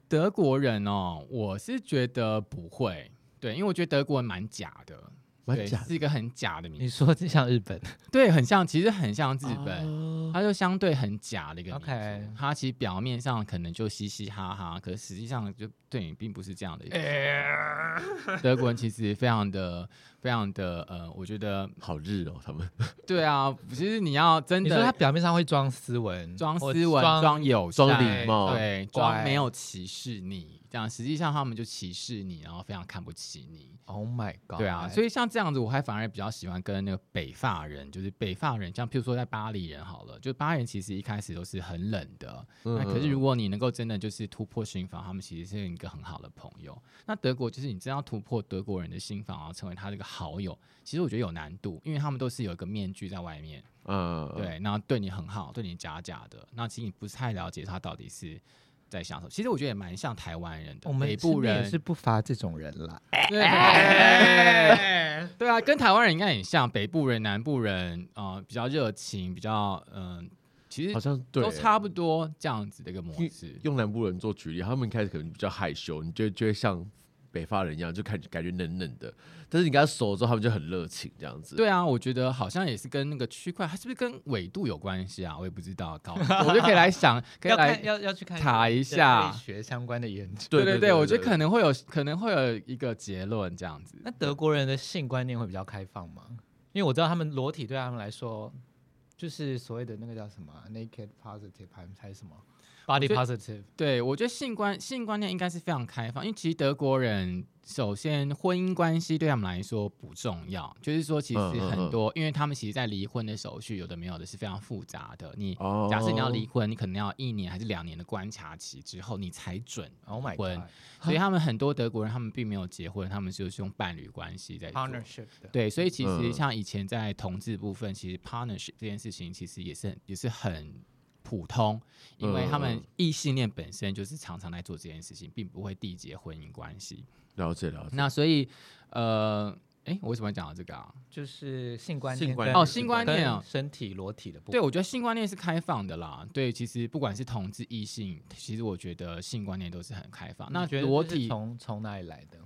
德國人哦，我是覺得不會，對，因為我覺得德國人蠻假的。對，是一個很假的名字。你說這像日本？對，很像，其實很像日本，oh. 它就相對很假的一個名字。Okay. 它其實表面上可能就嘻嘻哈哈，可是實際上就。對，也並不是這樣的一個、欸、德國人，其實非常的、 非常的，呃，我覺得好日哦，他們對啊，其實你要真的你說他表面上會裝斯文，裝斯文，裝有，裝禮貌，對，嗯、裝沒有歧視你這樣，實際上他們就歧視你，然後非常看不起你。Oh my god！對啊，所以像這樣子，我還反而比較喜歡跟那個北法人，就是北法人，像譬如說在巴黎人好了，就巴黎人其實一開始都是很冷的，那、嗯嗯、可是如果你能夠真的就是突破心防，他們其實是很。一個很好的朋友，那德國就是你真要突破德國人的心防，然後成為他這個好友，其實我覺得有難度，因為他們都是有一個面具在外面，嗯、呃，對，那對你很好，對你假假的，那其實你不太了解他到底是在想什麼。其實我覺得也蠻像台灣人的、哦，北部人是不乏這種人了、欸欸欸欸，對啊，跟台灣人應該很像，北部人、南部人呃，比較熱情，比較嗯。呃其實好像都差不多這樣子的一個模式。用南部人做舉例，他們一開始可能比較害羞，你就會就會像北方人一樣，就開始感覺冷冷的。但是你跟他熟了之後，他們就很熱情，這樣子。對啊，我覺得好像也是跟那個區塊，它是不是跟緯度有關係啊？我也不知道，搞，我就可以來想， 可以來要要,要去看查一下，學相關的研究。對對,對對對，我覺得可能會有， 可能會有一個結論這樣子。那德國人的性觀念會比較開放嗎？因為我知道他們裸體對他們來說。就是所謂的那個叫什麼，naked positive，還是什麼，body positive。對，我覺得性觀、性觀念應該是非常開放，因為其實德國人。首先，婚姻關係對他們來說不重要，就是說，其實很多，uh, uh, uh. 因為他們其實，在離婚的手續有的沒有的是非常複雜的。你、oh. 假設你要離婚，你可能要一年還是兩年的觀察期之後，你才准離婚。Oh my God. 所以，他們很多德國人，huh. 他們並沒有結婚，他們就是用伴侶關係在的 partnership。對，所以其實像以前在同志部分，其實 partnership 這件事情其實也是也是很普通，因為他們異性戀本身就是常常在做這件事情，並不會締結婚姻關係。了解，了解，那所以，呃，哎、欸，我為什麼要講到這個啊？就是性觀念，性觀念哦，性觀念啊，身體裸體的部分，對，我覺得性觀念是開放的啦。對，其實不管是同志、異性，其實我覺得性觀念都是很開放。那你覺得裸體從從哪裡來的？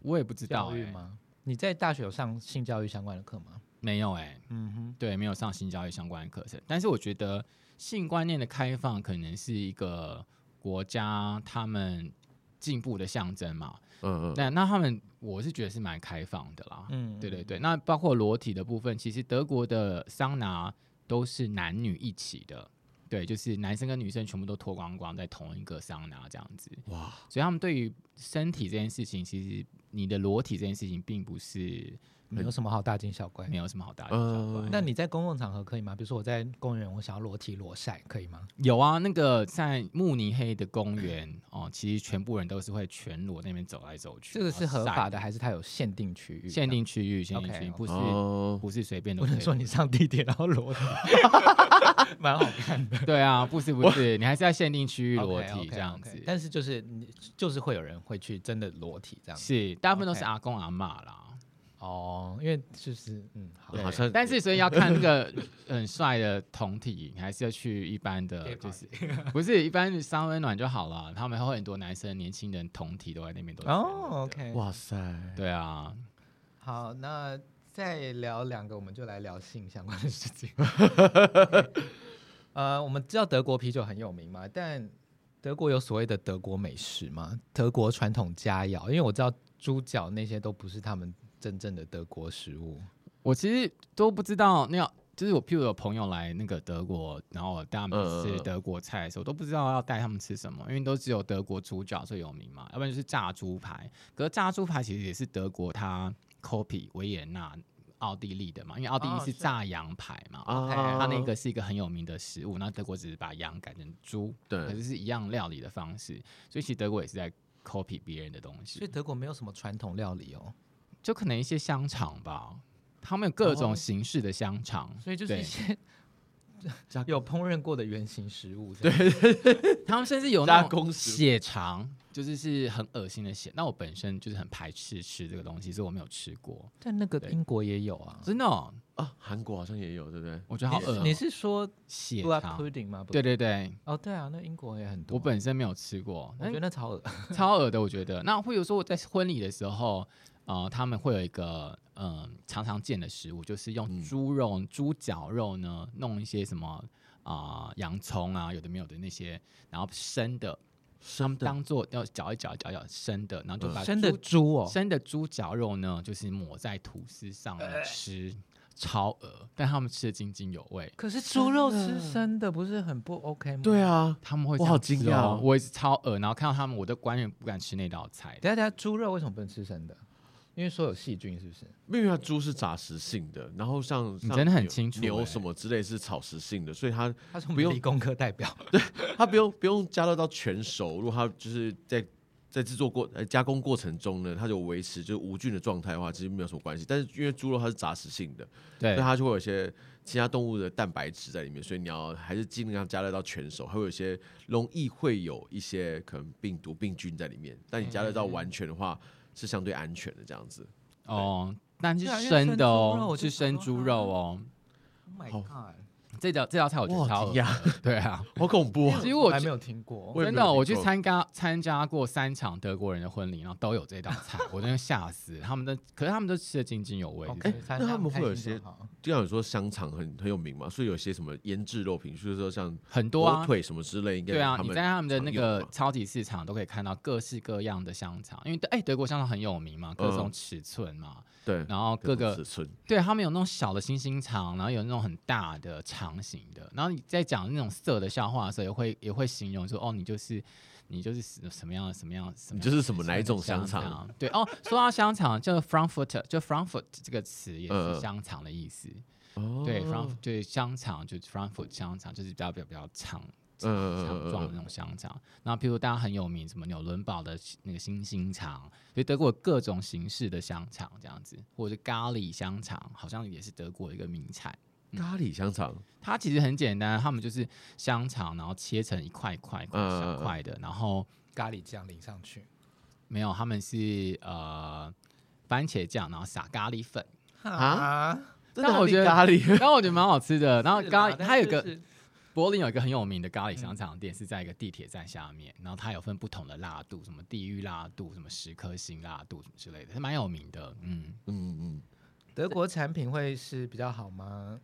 我也不知道、欸。教育嗎？你在大學有上性教育相關的課嗎？沒有哎、欸，嗯哼，對，沒有上性教育相關的課程。但是我覺得性觀念的開放，可能是一個國家他們。進步的象徵嘛，嗯嗯，那那他們，我是覺得是蠻開放的啦，嗯嗯，對對對，那包括裸體的部分，其實德國的桑拿都是男女一起的，對，就是男生跟女生全部都脫光光在同一個桑拿這樣子，哇，所以他們對於身體這件事情，其實你的裸體這件事情，並不是。嗯、沒有什麼好大驚小怪，沒有什麼好大驚小怪。那、呃、你在公共場合可以嗎？比如說我在公園，我想要裸體裸曬，可以嗎？有啊，那個在慕尼黑的公園哦，其實全部人都是會全裸那邊走來走去。這個是合法的，還是它有限定區域？限定區域，限定區域，okay, okay, 不是、哦、不是隨便的。不能說你上地鐵然後裸蠻 好看的。 對啊，不是不是，你還是要限定區域裸體 okay, okay, okay, okay. 這樣子。但是就是你就是會有人會去真的裸體這樣子。是，大部分都是阿公阿嬤啦。哦，因為就是嗯，好，好像，但是所以要看那個很帥的同體， 還是要去一般的，就是 不是一般三溫暖就好了。他們還會很多男生、年輕人同體都在那邊都哦，OK，哇塞，對啊，好，那再聊兩個，我們就來聊性相關的事情、 okay。呃，我們知道德國啤酒很有名嘛，但德國有所謂的德國美食嗎？德國傳統佳餚？因為我知道豬腳那些都不是他們。真正的德國食物，我其實都不知道。那樣、個、就是我譬如，有朋友來那個德國，然後我帶他們吃德國菜的時候，我都不知道要帶他們吃什麼，因為都只有德國豬腳最有名嘛，要不然就是炸豬排。可是炸豬排其實也是德國它 copy 維也納、奧地利的嘛，因為奧地利是炸羊排嘛，它、oh, so. oh. 那個是一個很有名的食物。那德國只是把羊改成豬，對，可是是一樣料理的方式。所以其實德國也是在 copy 別人的東西。所以德國沒有什麼傳統料理哦。就可能一些香腸吧，他們有各種形式的香腸、oh,，所以就是一些有烹飪過的圓形食物。對，對，對，對，他們甚至有加工血腸，就是是很惡心的血。那 我本身就是很排斥吃這個東西，所以我沒有吃過。但那個英國也有啊，真的啊，韓國好像也有，對不對？我覺得好惡、喔。你是說血腸，血腸嗎不？對對對。哦、oh,，對啊，那英國也很多、啊。我本身沒有吃過，我覺得超惡，超惡的。我覺得那譬如說我在婚禮的時候。啊、呃，他們會有一個嗯、呃、常常見的食物，就是用豬肉、嗯、豬絞肉呢，弄一些什麼啊、呃、洋蔥啊，有的沒有的那些，然後生的生的他們當做要攪一攪嚼攪生的，然後就把、呃、生的豬哦，生的豬絞肉呢，就是抹在吐司上來吃，呃、超噁，但他們吃得津津有味。可是豬肉吃生的不是很不 OK 嗎？對啊，他們會吃、哦、我好驚訝，我也是超噁，然後看到他們，我都完全不敢吃那道菜。等下等下豬肉為什麼不能吃生的？因為所有細菌是不是？因為它豬是雜食性的，然後像，像牛、你真的很清楚欸、牛什麼之類是草食性的，所以它它不用，它是理工科代表， 對，它不用不用加熱到全熟。如果它就是在在製作過加工過程中呢，它就維持就是無菌的狀態的話，其實沒有什麼關係。但是因為豬肉它是雜食性的，對，所以它就會有一些其他動物的蛋白質在裡面，所以你要還是盡量加熱到全熟，還會有一些容易會有一些可能病毒病菌在裡面。但你加熱到完全的話。嗯嗯嗯，是相對安全的這樣子哦、oh，但是生的哦、喔，是生豬肉哦、喔。Oh my God！這道這道菜我覺得超我好啊對啊，好恐怖啊！因為我,我還沒有聽過。真的，我,我去參加參加過三場德國人的婚禮，然後都有這道菜， 我真的嚇死！他們的，可是他們都吃的津津有味、哦欸欸。那他們會有一些，就像你說香腸很很有名嘛，所以有一些什麼醃制肉品，或者說像很多火腿什麼之類，應該對啊。你在他們的那個超級市場都可以看到各式各樣的香腸，因為、欸、德國香腸很有名嘛，各種尺寸嘛。嗯對，然後各個尺寸，對，他們有那種小的星星腸，然後有那種很大的長形的。然後你在講那種色的笑話的時候，也會也會形容說，哦，你就是你就是什麼樣的什麼樣的，你就是什麼，什麼哪一種香腸？對 哦，說到香腸，就是 Frankfurter，就 Frankfurt 這個詞也是香腸的意思。呃、對，Frankfurt 香腸就 Frankfurt 香腸，就，腸就是比較比較比較長。像像嗯，嗯嗯嗯。那種香腸，那譬如大家很有名什麼紐倫堡的那個星星腸，所以德國各種形式的香腸這樣子，或者是咖喱香腸，好像也是德國一個名菜。嗯、咖喱香腸，它其實很簡單，他們就是香腸，然後切成一塊一塊、小塊的，然後咖喱醬淋上去。沒有，他們是呃番茄醬，然後撒咖喱粉。啊？但我覺得咖喱，但我覺得蠻好吃的。 然後咖試試它有個。柏林有一個很有名的咖喱香腸店，嗯，是在一個地鐵站下面。然後它有分不同的辣度，什麼地獄辣度，什麼十顆星辣度，什麼之類的，是蠻有名的。嗯嗯嗯嗯。德國產品會是比較好嗎？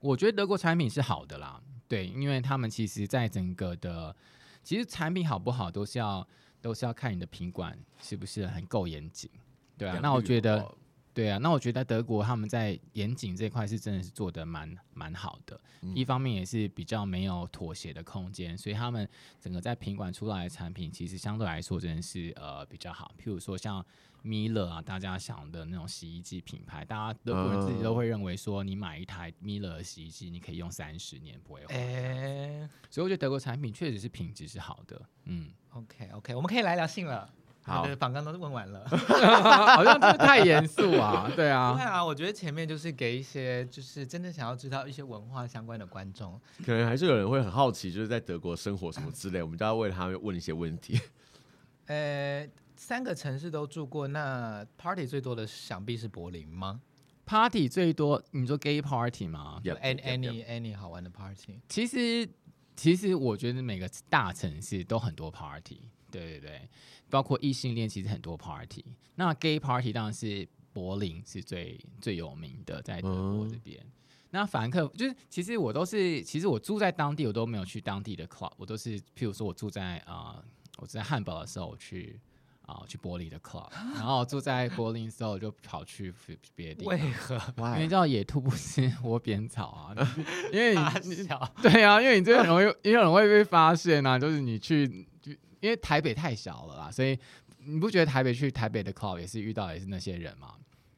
我覺得德國產品是好的啦。對，因為他們其實，在整個的，其實產品好不好，都是要都是要看你的品管是不是很夠嚴謹。對啊，那我覺得，對啊，那我覺得德國他們在嚴謹這塊是真的是做得蠻蠻好的。一方面也是比較沒有妥協的空間，所以他們整個在品管出來的產品，其實相對來說真的是呃比較好。譬如說像米勒啊，大家想的那種洗衣機品牌，大家都會自己都會認為說，你買一台米勒的洗衣機，你可以用三十年不會壞，嗯。所以我覺得德國產品確實是品質是好的。嗯，OK OK，我們可以來聊性了。好，反剛都是問完了，好像是太嚴肅啊。對啊，對 啊，我覺得前面就是給一些就是真的想要知道一些文化相關的觀眾，可能還是有人會很好奇，就是在德國生活什麼之類， 我們都要為他們問一些問題。 呃，三個城市都住過，那 party 最多的是想必是柏林嗎？Party 最多，你說 gay party 嗎 yep, so,？Any Any、yep, yep. Any 好玩的 party，其實其實我覺得每個大城市都很多 party。對對對，包括異性戀其實很多 party，那 gay party 當然是柏林是最最有名的，在德國這邊。嗯。那凡客就是其實我都是，其實我住在當地，我都沒有去當地的 club，我都是，譬如說我住在啊，呃，我住在漢堡的時候我去。啊、哦，去柏林的 club，然後住在柏林的時候就跑去別的地方。為何？因為叫野兔不吃窩邊草啊， 因為你,你，對啊，因為你這個很容易，也容易被發現啊。就是你去，因為台北太小了啦，所以你不覺得台北去台北的 club 也是遇到也是那些人嗎？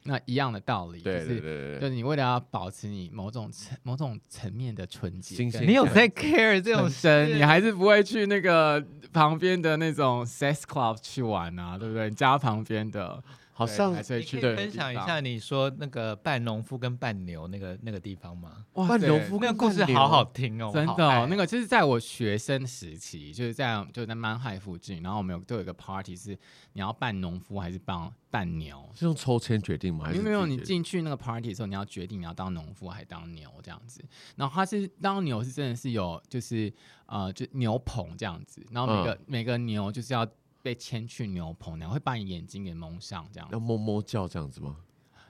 那一樣的道理，對對對對，就是，就是你為了要保持你某種層、某種層面的純潔星星，你有在 care 這種神，你還是不會去那個旁邊的那種 sex club 去玩啊，對不對？你家旁邊的。好像還可以去的的你可以分享一下你說那個扮農夫跟扮牛，那個那個地方嗎？哇，扮農夫跟那個故事好好聽哦，真的、哦。那個就是在我學生時期，就是在就在曼海附近，然後我們有都有一個 party，是你要扮農夫還是扮扮牛？是用抽籤決定嗎？因為沒有，你進去那個 party 的時候，你要決定你要當農夫還是當牛這樣子。然後它是當牛是真的是有就是呃就牛棚這樣子，然後每個、嗯、每個牛就是要。被牽去牛棚，然後會把你眼睛給蒙上，這樣要哞哞叫這樣子嗎？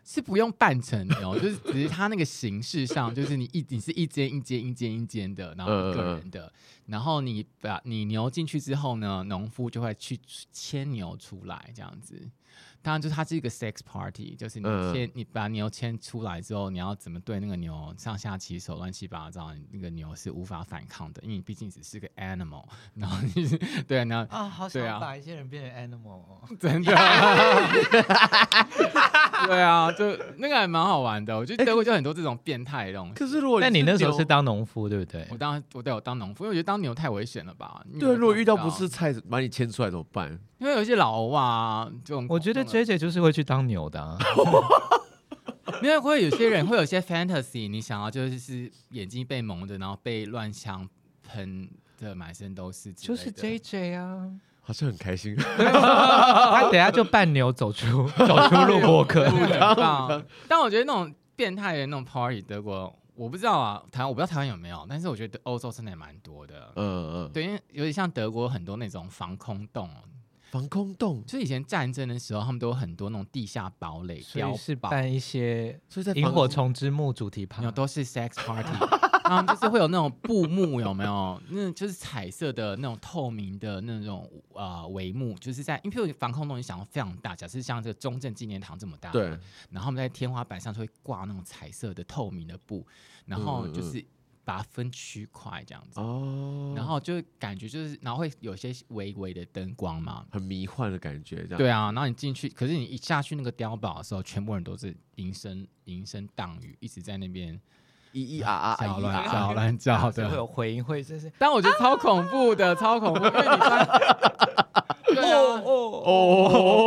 是不用扮成牛， 就是只是它那個形式上，就是你一你是一間一間一間一間的，然後一個人的，嗯嗯嗯然後你把你牛進去之後呢，農夫就會去牽牛出來，這樣子。當然，就是它是一個 sex party，就是你先，嗯、你把牛牽出來之後，你要怎麼對那個牛上下其手，亂七八糟，那個牛是無法反抗的，因為你畢竟只是個 animal。然後就是，然後，對，你要，啊，好想把一些人變成 animal 哦，真的。 對啊，就那個還蠻好玩的。我覺得德國就很多這種變態那種。可是如果你……那你那時候是當農夫對不對？我當，我對我當農夫，因為我覺得當牛太危險了吧？對、啊有有，如果遇到不是菜不把你牽出來怎麼辦？因為有一些老牛這、啊、種。我覺得 JJ 就是會去當牛的、啊。因 有，會有些人會有些 fantasy，你想要、啊、就是眼睛被蒙着，然後被亂槍噴的滿身都是，就是 JJ 啊。好像很開心， 他等下就半牛走出走出錄播客。但我覺得那種變態的那種 party 德國我不知道啊，台灣我不知道台灣有沒有，但是我覺得歐洲真的也蠻多的呃呃。對，因為有點像德國很多那種防空洞，防空洞，就是以前戰爭的時候他們都有很多那種地下堡壘，雕，但一些螢火蟲之墓主題旁都是 sex party。 啊， 就是會有那種布幕，有沒有？那就是彩色的那種透明的那種啊、呃、帷幕，就是在，因為譬如防空洞，你想要非常大，假設像這個中正紀念堂這麼大，對。然後我們在天花板上就會掛那種彩色的透明的布，然後就是把它分區塊這樣子哦、嗯嗯。然後就是感覺就是，然後會有些微微的燈光嘛，很迷幻的感覺，這樣。對啊，然後你進去，可是你一下去那個碉堡的時候，全部人都是迎聲迎聲盪雨，一直在那邊。一一啊啊！啊亂，小亂叫，的、啊，叫嗯啊啊、會有回音，會，但是，但我覺得超恐怖的，啊啊啊啊啊啊超恐怖，因為你哦哦哦。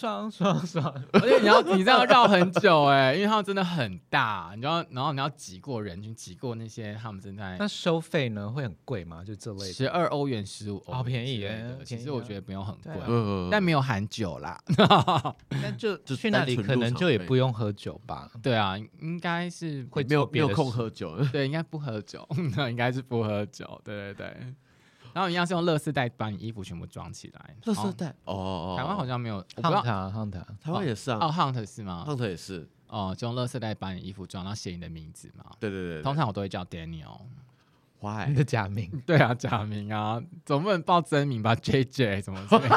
爽爽爽！ 而且你要，你這樣繞很久哎、欸， 因為他們真的很大，你知道，然後你要擠過人群，擠過那些他們正在。那收費呢會很貴嗎？就這類的。十二歐元，十五。歐、哦，好便宜耶，其實我覺得不用很貴、啊，但沒有含酒啦。那、啊啊、 就去那裡可能就也不用喝酒吧？對啊，應該是沒有沒有空喝酒的。對，應該不喝酒，那 應該是不喝酒，對對對。然後一樣是用垃圾袋把你衣服全部裝起來，垃圾袋哦，哦哦台灣好像沒有我 u n t 他 h u n t 台灣也是、哦、啊，哦，hunt e r 是嗎？hunt e r 也是，哦，就用垃圾袋把你衣服裝，然後寫你的名字嘛，對，對對對，通常我都會叫 Daniel，why 你的假名？對啊，假名啊，總不能報真名吧？JJ 什麼、那個，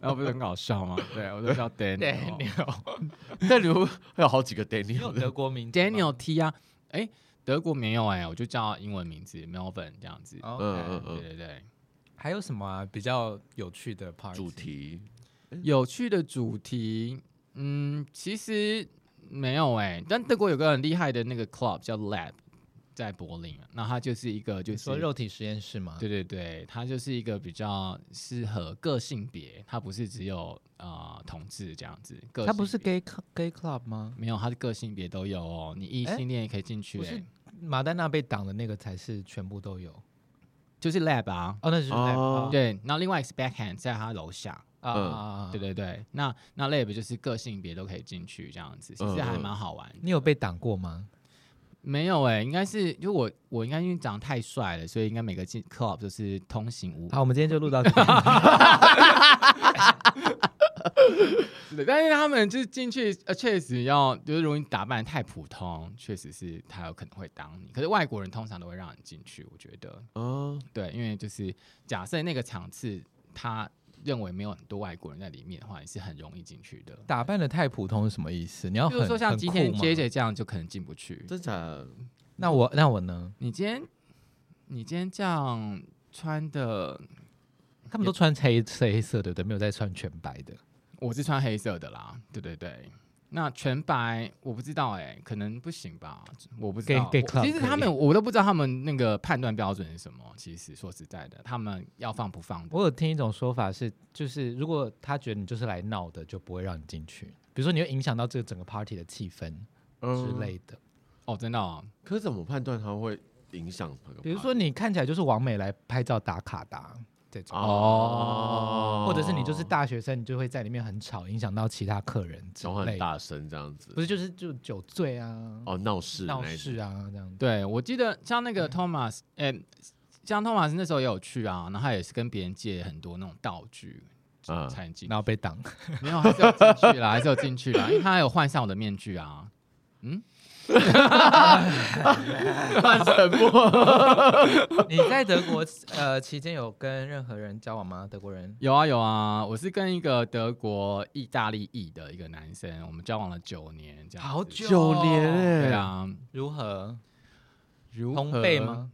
那 不是很搞笑嗎？對，我就叫 Daniel，Daniel 會 有好幾個 Daniel，有德國名 Daniel T 啊、欸。哎。德國沒有哎、欸，我就叫英文名字 Melvin 這樣子。Oh, okay. 對，對對對。還有什麼比較有趣的 part？主題有趣的主題，嗯，其實沒有哎、欸。但德國有個很厲害的那個 club 叫 Lab，在柏林。那它就是一個，就是說肉體實驗室嗎？對對對，它就是一個比較適合個性別，它不是只有啊、呃、同志這樣子。個性它不是 gay gay club 嗎？沒有，它的個性別都有哦，你異性戀也可以進去、欸欸馬丹娜被擋的那個才是全部都有，就是 lab 啊。哦，那就是 lab。Oh. 嗯，對，那另外一個是 backhand，在他樓下啊，Oh. 對對對，那那 lab 就是各性別都可以進去這樣子，其實還蠻好玩。Oh. 你有被擋過嗎？沒有哎、欸，應該是因為我我應該因為長得太帥了，所以應該每個進 club 就是通行無阻，好，我們今天就錄到這裡、個。 對，但是他們就是進去呃，確實要就是容易打扮得太普通，確實是他有可能會擋你。可是外國人通常都會讓你進去，我覺得。嗯、哦，對，因為就是假設那個場次他。認為沒有很多外國人在裡面的話，你是很容易進去的。打扮的太普通是什麼意思？你要很比如說像今天 JJ 這樣，就可能進不去。真的？嗯，那我那我呢？你今天你今天這樣穿的，他們都穿黑黑色，對不對？沒有在穿全白的。我是穿黑色的啦。對對對。那全白我不知道哎、欸，可能不行吧，我不知道。Club，其實他們我都不知道他們那個判斷標準是什麼？其實說實在的，他們要放不放的？我有聽一種說法是，就是如果他覺得你就是來鬧的，就不會讓你進去。比如說，你會影響到這個整個 party 的氣氛之類的。嗯、哦，真的、啊。哦，可是怎麼判斷它會影響？比如說，你看起來就是網美來拍照打卡的。這種哦，或者是你就是大學生，你就會在裡面很吵，影響到其他客人之類，很大聲這樣子，不是就是就酒醉啊，哦鬧事鬧事啊這樣子。對，我記得像那個 Thomas，哎、欸欸，像 Thomas 那時候也有去啊，然後他也是跟別人借很多那種道具、啊、才能進去，然後被擋，沒有還是有進去啦，還是有進去， 去啦，因為他還有換上我的面具啊，嗯。哈哈哈！你在德國呃期間有跟任何人交往嗎？德國人有啊有啊，我是跟一個德國意大利裔的一個男生，我們交往了九年，這樣。好九年，哦，對啊。如何？如何？同輩嗎？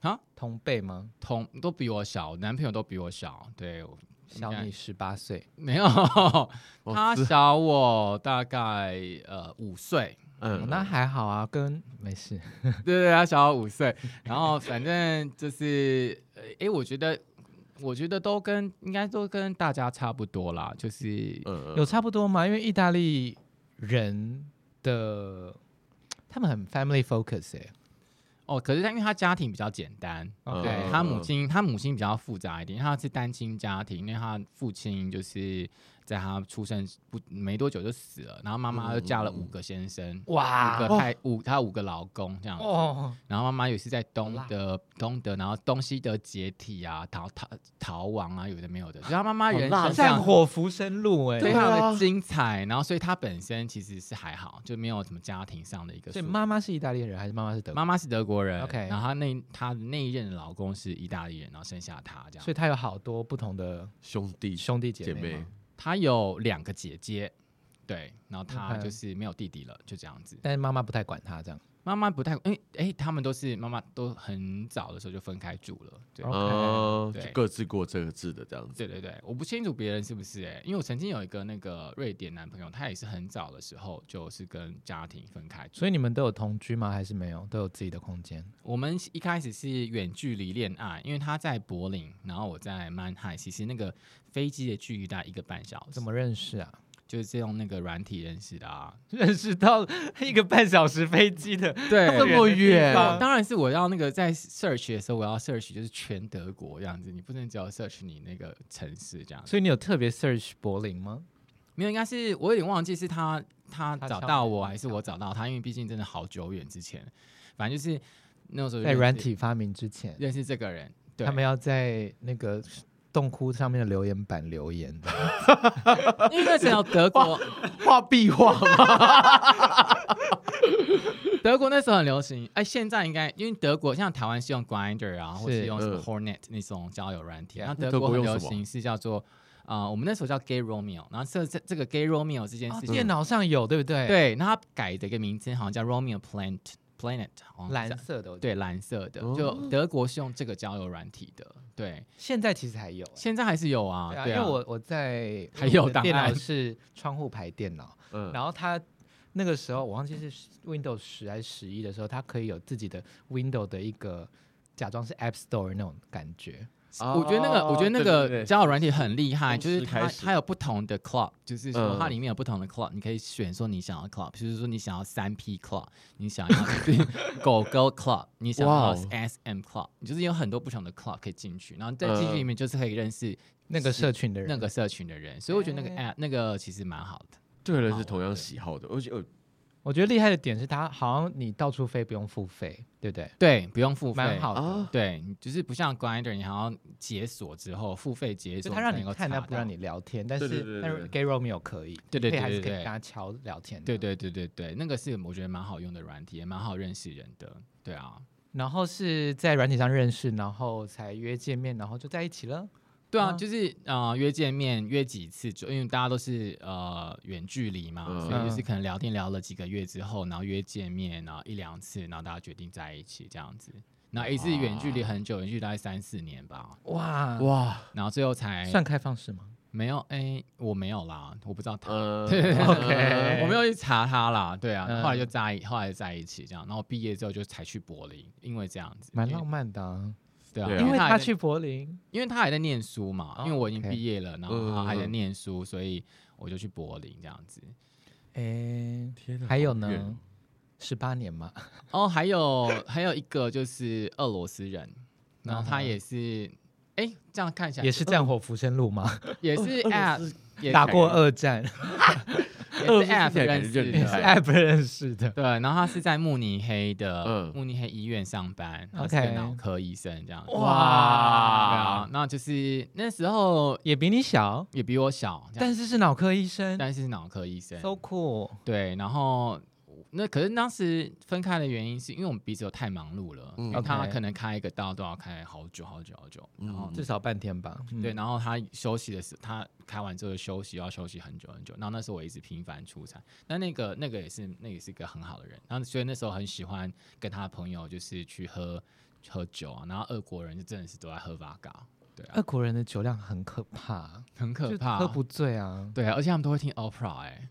啊，同輩嗎？同都比我小，我男朋友都比我小，對，小你十八歲，沒有，他小我大概呃五歲。.嗯，嗯、哦，那還好啊，跟沒事。對對，對，他小我五歲， 然後反正就是，哎、欸，我覺得，我覺得都跟應該都跟大家差不多啦，就是嗯嗯有差不多嘛，因為意大利人的他們很 family focus 的、欸。哦，可是他因為他家庭比較簡單嗯嗯嗯對，他母親他母親比較複雜一點，因為他是單親家庭，因為他父親就是。在她出生不沒多久就死了，然後媽媽又嫁了五個先生，嗯嗯、哇，五個太、哦、五，她五個老公這樣、哦，然後媽媽也是在東德，東德，然後東西德解體啊，逃逃逃亡啊，有的沒有的，然後媽媽人生戰火浮生路，哎，非常的精彩、啊。然後所以她本身其實是還好，就沒有什麼家庭上的一個。所以媽媽是意大利人還是媽媽是德國人？媽媽是德國人，OK。然後她那她的那一任老公是意大利人，然後生下她這樣，所以她有好多不同的兄弟兄弟姐妹，姐妹。他有兩個姐姐，對，然後他就是沒有弟弟了，okay. 就這樣子。但是媽媽不太管他，這樣媽媽不太，誒、欸、誒、欸，他們都是媽媽都很早的時候就分開住了，對，哦、okay, 啊，就各自過各自的這樣子。對對對，我不清楚別人是不是誒、欸，因為我曾經有一個那個瑞典男朋友，他也是很早的時候就是跟家庭分開住，所以你們都有同居嗎？還是沒有都有自己的空間？我們一開始是遠距離戀愛，因為他在柏林，然後我在曼海，其實那個。飛機的距離大概一個半小時。怎麼認識啊？就是用那個軟體認識的啊， 認識到一個半小時飛機的， 對，這麼遠、啊啊。當然是我要那個在 search 的時候，我要 search 就是全德國這樣子，你不能只有 search 你那個城市這樣。所以你有特別 search 柏林嗎？沒有，應該是我有點忘記是他他找到我，我到還是我找到他，因為畢竟真的好久遠之前，反正就是那種時候在軟體發明之前認識這個人。對。他們要在那個，洞窟上面的留言板留言的。 因為那時候德國畫壁畫嘛。德國那時候很流行，哎，現在應該因為德國像台灣是用 Grinder 啊，或是用 Hornet 那種交友軟體、呃、然後德國很流行是叫做啊、嗯呃，我們那時候叫 Gay Romeo，然後這這個 Gay Romeo 這件事情、啊、電腦上有對不對？對，那它改的一個名稱好像叫 Romeo Plant。Planet、哦、藍色的、嗯、對藍色的、哦，就德國是用這個交友軟體的。對，現在其實還有、欸，現在還是有啊。對，啊對，啊對啊，因為我在我在還有電腦是窗戶牌電腦，然後它那個時候我忘記是 Windows 十還是十一的時候，它可以有自己的 Windows 的一個假裝是 App Store 那種感覺。Oh, 我覺得那個，oh, 我覺得那個交友軟體很厲害對對對，就是它它有不同的 club，就是說它裡面有不同的 club，、呃、你可以選說你想要 club，比如說你想要三 P club，、呃、你想要狗狗 club， 你想要 S M club，你 SSMclub, 就是有很多不同的 club 可以進去，然後在進去裡面就是可以認識、呃、那個社群的人，那個社群的人，所以我覺得那個哎、欸，那個其實蠻好的。對了，是同樣喜好的，而且。呃我覺得厲害的點是它好像你到處飛不用付費，對不對？對，不用付費，蠻好的、哦、對，就是不像 Grindr 你好像解鎖之後付費解鎖，它讓你看，但不讓你聊天。但是，GayRomeo 有可以，對對對對對，對，還是可以跟他敲聊天。對對，對對對對對，那個是我覺得蠻好用的軟體，也蠻好認識人的。對啊，然後是在軟體上認識，然後才約見面，然後就在一起了。對啊，就是啊、呃，約見面，約幾次，就因為大家都是呃遠距離嘛、嗯，所以就是可能聊天聊了幾個月之後，然後約見面，然後一兩次，然後大家決定在一起這樣子。那一次遠距離很久，遠距離大概三四年吧。哇哇！然後最後才算開放式嗎？沒有，哎、欸，我沒有啦，我不知道他。呃、OK，我沒有去查他啦。對啊，嗯、後來就在一起，後來在一起這樣。然後畢業之後就才去柏林，因為這樣子。蠻浪漫的、啊。對啊，對啊，因為他去柏林，因為他還在念書嘛，哦、因為我已經畢業了，嗯、然後他還在念書，所以我就去柏林這樣子。哎、欸，天哪，還有呢，十八年嘛。哦，還有 還有一個就是俄羅斯人，然後他也是，哎、 欸，這樣看一下，也是戰火浮生路嗎？呃、也是啊、呃，打過二戰。 app 認識的 是，app 認識的。對，然後他是在慕尼黑的慕尼黑醫院上班，OK，腦 科醫生這樣。Okay. 哇，那就是那時候也比你小，也比我小，但是是腦科醫生，但是是腦科醫生，So cool。對，然後。那可是當時分開的原因，是因為我們彼此都太忙碌了。後、嗯、他可能開一個刀都要開好久好久好久，嗯、至少半天吧、嗯。對，然後他休息的時候，他開完之後休息要休息很久很久。然後那時候我一直頻繁出差。那那個那個也是那個、也是一個很好的人。然後所以那時候很喜歡跟他的朋友就是去喝喝酒啊。然後俄國人就真的是都在喝 Vaga、啊。對，俄國人的酒量很可怕，很可怕，喝不醉啊。對啊，而且他們都會聽 opera 哎、欸。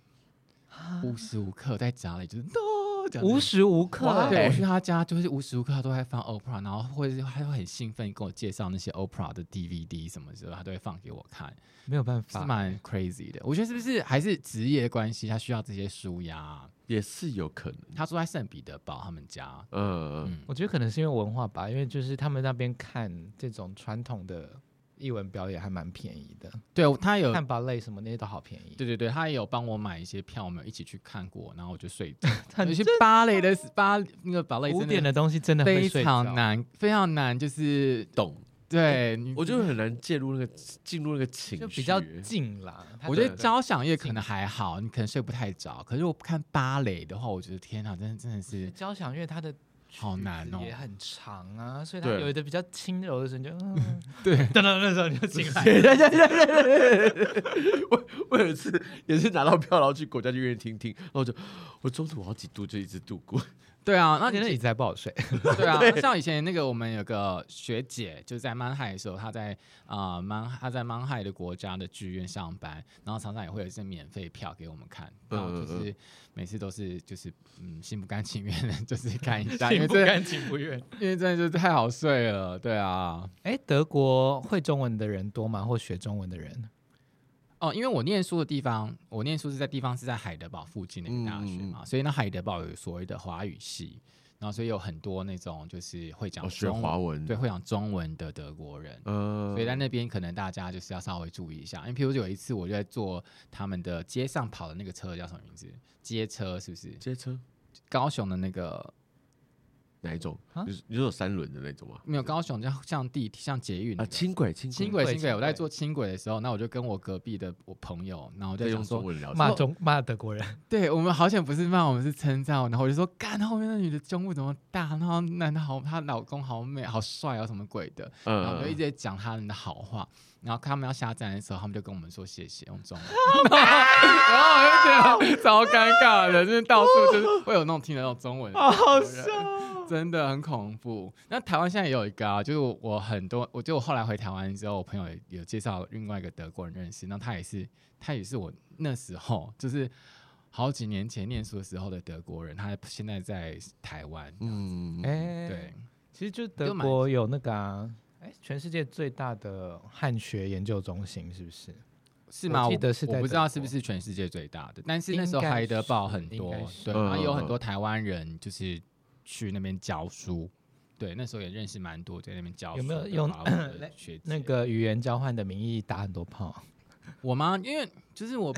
無時無刻在家裡就是都無時無刻，對我去他家就是無時無刻，他都在放 Oprah，然後或者他會很興奮跟我介紹那些 Oprah 的 DVD 什麼的，他都會放給我看。沒有辦法，是蠻 crazy 的。我覺得是不是還是職業關係，他需要這些書呀？也是有可能。他住在聖彼得堡他們家，呃、嗯，我覺得可能是因為文化吧，因為就是他們那邊看這種傳統的。藝文表演還蠻便宜的，對，他有看芭蕾什麼那些都好便宜。對對對，他也有幫我買一些票，我們一起去看過，然後我就睡。有 芭蕾的芭蕾那個芭蕾古典的，的東西真的非常難，非常難，就是懂。對、欸，我就很難進入那個進入那個情緒，就比較近啦。我覺得交響樂可能還好，你可能睡不太着。可是我看芭蕾的話，我覺得天哪，真的真的是交響樂，它的。好難哦，也很長啊，哦、所以他有的比較輕柔的時候就，對，等、嗯、到那時候你就進來。 我我有一次也是拿到票，然後去國家劇院聽聽，然後我就我中途我好幾度就一直度過。對啊，那其實椅子還不好睡。 對啊 對，像以前那個我們有個學姐，就在曼海的時候，她在啊曼、呃、她在曼海的國家的劇院上班，然後常常也會有一些免費票給我們看，然後就是嗯嗯嗯每次都是就是嗯心不甘情願的，就是看一下， 心不甘情不願，因為真的，因為真的就太好睡了。對啊，哎、欸，德國會中文的人多嗎？或學中文的人？哦，因為我念書的地方，我念書是在地方是在海德堡附近的大學嘛，嗯嗯，所以那海德堡有所謂的華語系，然後所以有很多那種就是會講中文，哦、學華文對會講中文的德國人，嗯、所以在那邊可能大家就是要稍微注意一下，因為譬如有一次我就在坐他們的街上跑的那個車叫什麼名字？街車是不是？街車，高雄的那個。哪一種？就是就是有三輪的那種嗎？沒有，高雄像像地像捷運啊，輕軌輕軌輕軌。我在坐輕軌的時候，那我就跟我隔壁的我朋友，然後我就在講說罵中罵德國人。對我們好險不是罵我們是稱讚。然後我就說，幹後面那女的胸部怎麼大？然後男的好，她老公好美好帥啊，什麼鬼的？然後就一直在講她人的好話。然後他們要下站的時候，他們就跟我們說謝謝用中文， 然後我就覺得超尷尬的，就是到處就是會有那種聽得到中文，好笑、喔，真的很恐怖。那台灣現在也有一個啊，就是我很多，就我就後來回台灣之後，我朋友有介紹另外一個德國人認識，那他也是他也是我那時候就是好幾年前念書的時候的德國人，他現在在台灣，嗯哎、嗯欸，對，其實就是德國就有那個、啊。哎，全世界最大的漢學研究中心是不是？是嗎？我記得是，我不知道是不是全世界最大的。但是那時候海德堡很多，對，然、嗯、後有很多台灣人就是去那邊教書、嗯。對，那時候也認識蠻多，在那邊教書。有沒有用那個語言交換的名義打很多炮？我嗎？因為就是我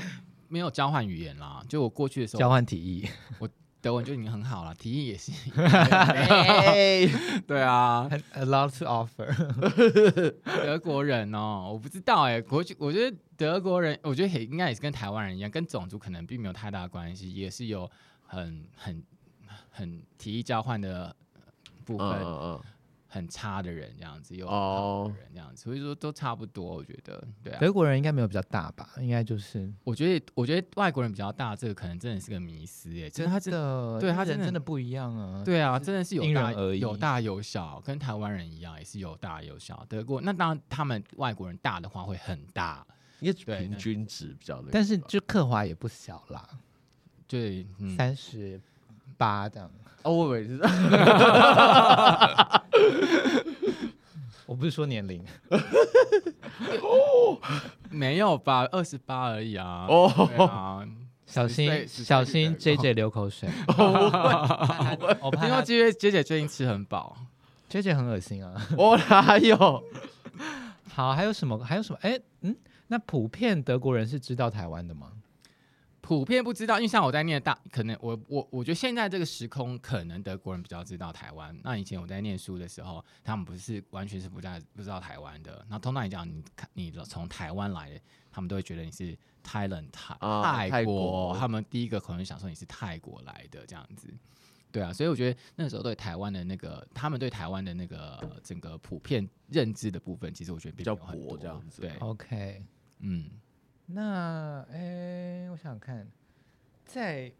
沒有交換語言啦，就我過去的時候交換體意。我。德文就已經很好了，提議也是。 對啊，A lot to offer。 德國人哦、喔，我不知道哎、欸，國際，我覺得德國人，我覺得也應該也是跟台灣人一樣，跟種族可能並沒有太大關係，也是有很很很提議交換的部分。Oh, oh, oh. 很差的人這樣子，有好人這樣子，oh. 所以說都差不多，我覺得對、啊。德國人應該沒有比較大吧？應該就是，我覺得我覺得外國人比較大，這個可能真的是個迷思誒，其、嗯、實他真的，真的對，他真的，人真的不一樣啊。對啊，真的是有然、就是、有大有小，跟台灣人一樣也是有大有小。德國那當然他們外國人大的話會很大，因為平均值比較、那個。但是就克華也不小啦，對，三、嗯、十。八這樣哦，我也是。 我不是說年齡，哦， 沒有吧，二十八而已啊。哦，啊、小心，小心，JJ 流口水。哦、我怕，我怕。因為 JJJJ 最近吃很飽，JJ 很惡心啊。我、哦、哪有？好，還有什麼？還有什麼？哎、欸，嗯，那普遍德國人是知道台灣的嗎？普遍不知道，因為像我在念大，可能我我我覺得現在這個時空，可能德國人比較知道台灣。那以前我在念書的時候，他們不是完全是不在，不知道台灣的。那通常你講你你從台灣來的，他們都會覺得你是泰人泰、哦、泰國、泰國，他們第一個可能想說你是泰國來的這樣子。對啊，所以我覺得那時候對台灣的那個，他們對台灣的那個、呃、整個普遍認知的部分，其實我覺得多比較薄這樣子。對，OK，嗯。那哎，欸，我想看，在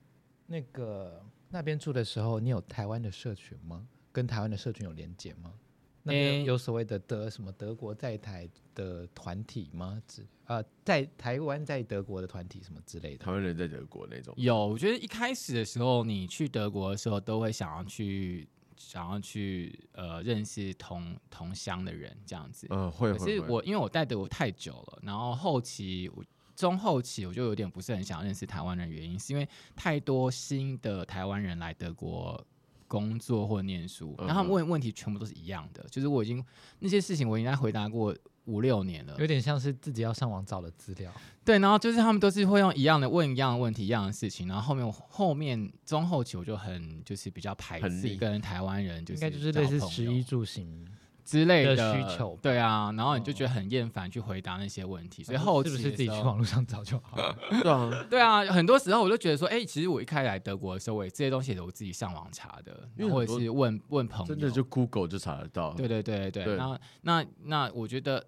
那個那邊住的時候，你有台灣的社群嗎？跟台灣的社群有連結嗎？那邊有，欸，有所謂的德什麼德國在台的團體嗎？只，呃，在台灣在德國的團體什麼之類的？台灣人在德國那種？有，我覺得一開始的時候，你去德國的時候，都會想要去想要去呃認識同同鄉的人這樣子。呃會，會，會。可是我因為我待德國太久了，然後後期我。中後期我就有點不是很想認識台灣人，原因是因為太多新的台灣人來德國工作或念書，然後他們問問題全部都是一樣的，就是我已經那些事情我應該回答過五六年了，有點像是自己要上網找的資料。對，然後就是他們都是會用一樣的問一樣的問題一樣的事情，然後後面後面中後期我就很就是比較排斥跟台灣人，就是應該就是類似食衣住行，之類的，的需求，對啊，然後你就覺得很厭煩去回答那些問題，哦、所以後是不是自己去網絡上找就好？ 對、啊？對啊，很多時候我就覺得說，哎、欸，其實我一開來德國的時候，我這些東西都是我自己上網查的，或者是問問朋友，真的就 Google 就查得到。對對對對那那那，那那我覺得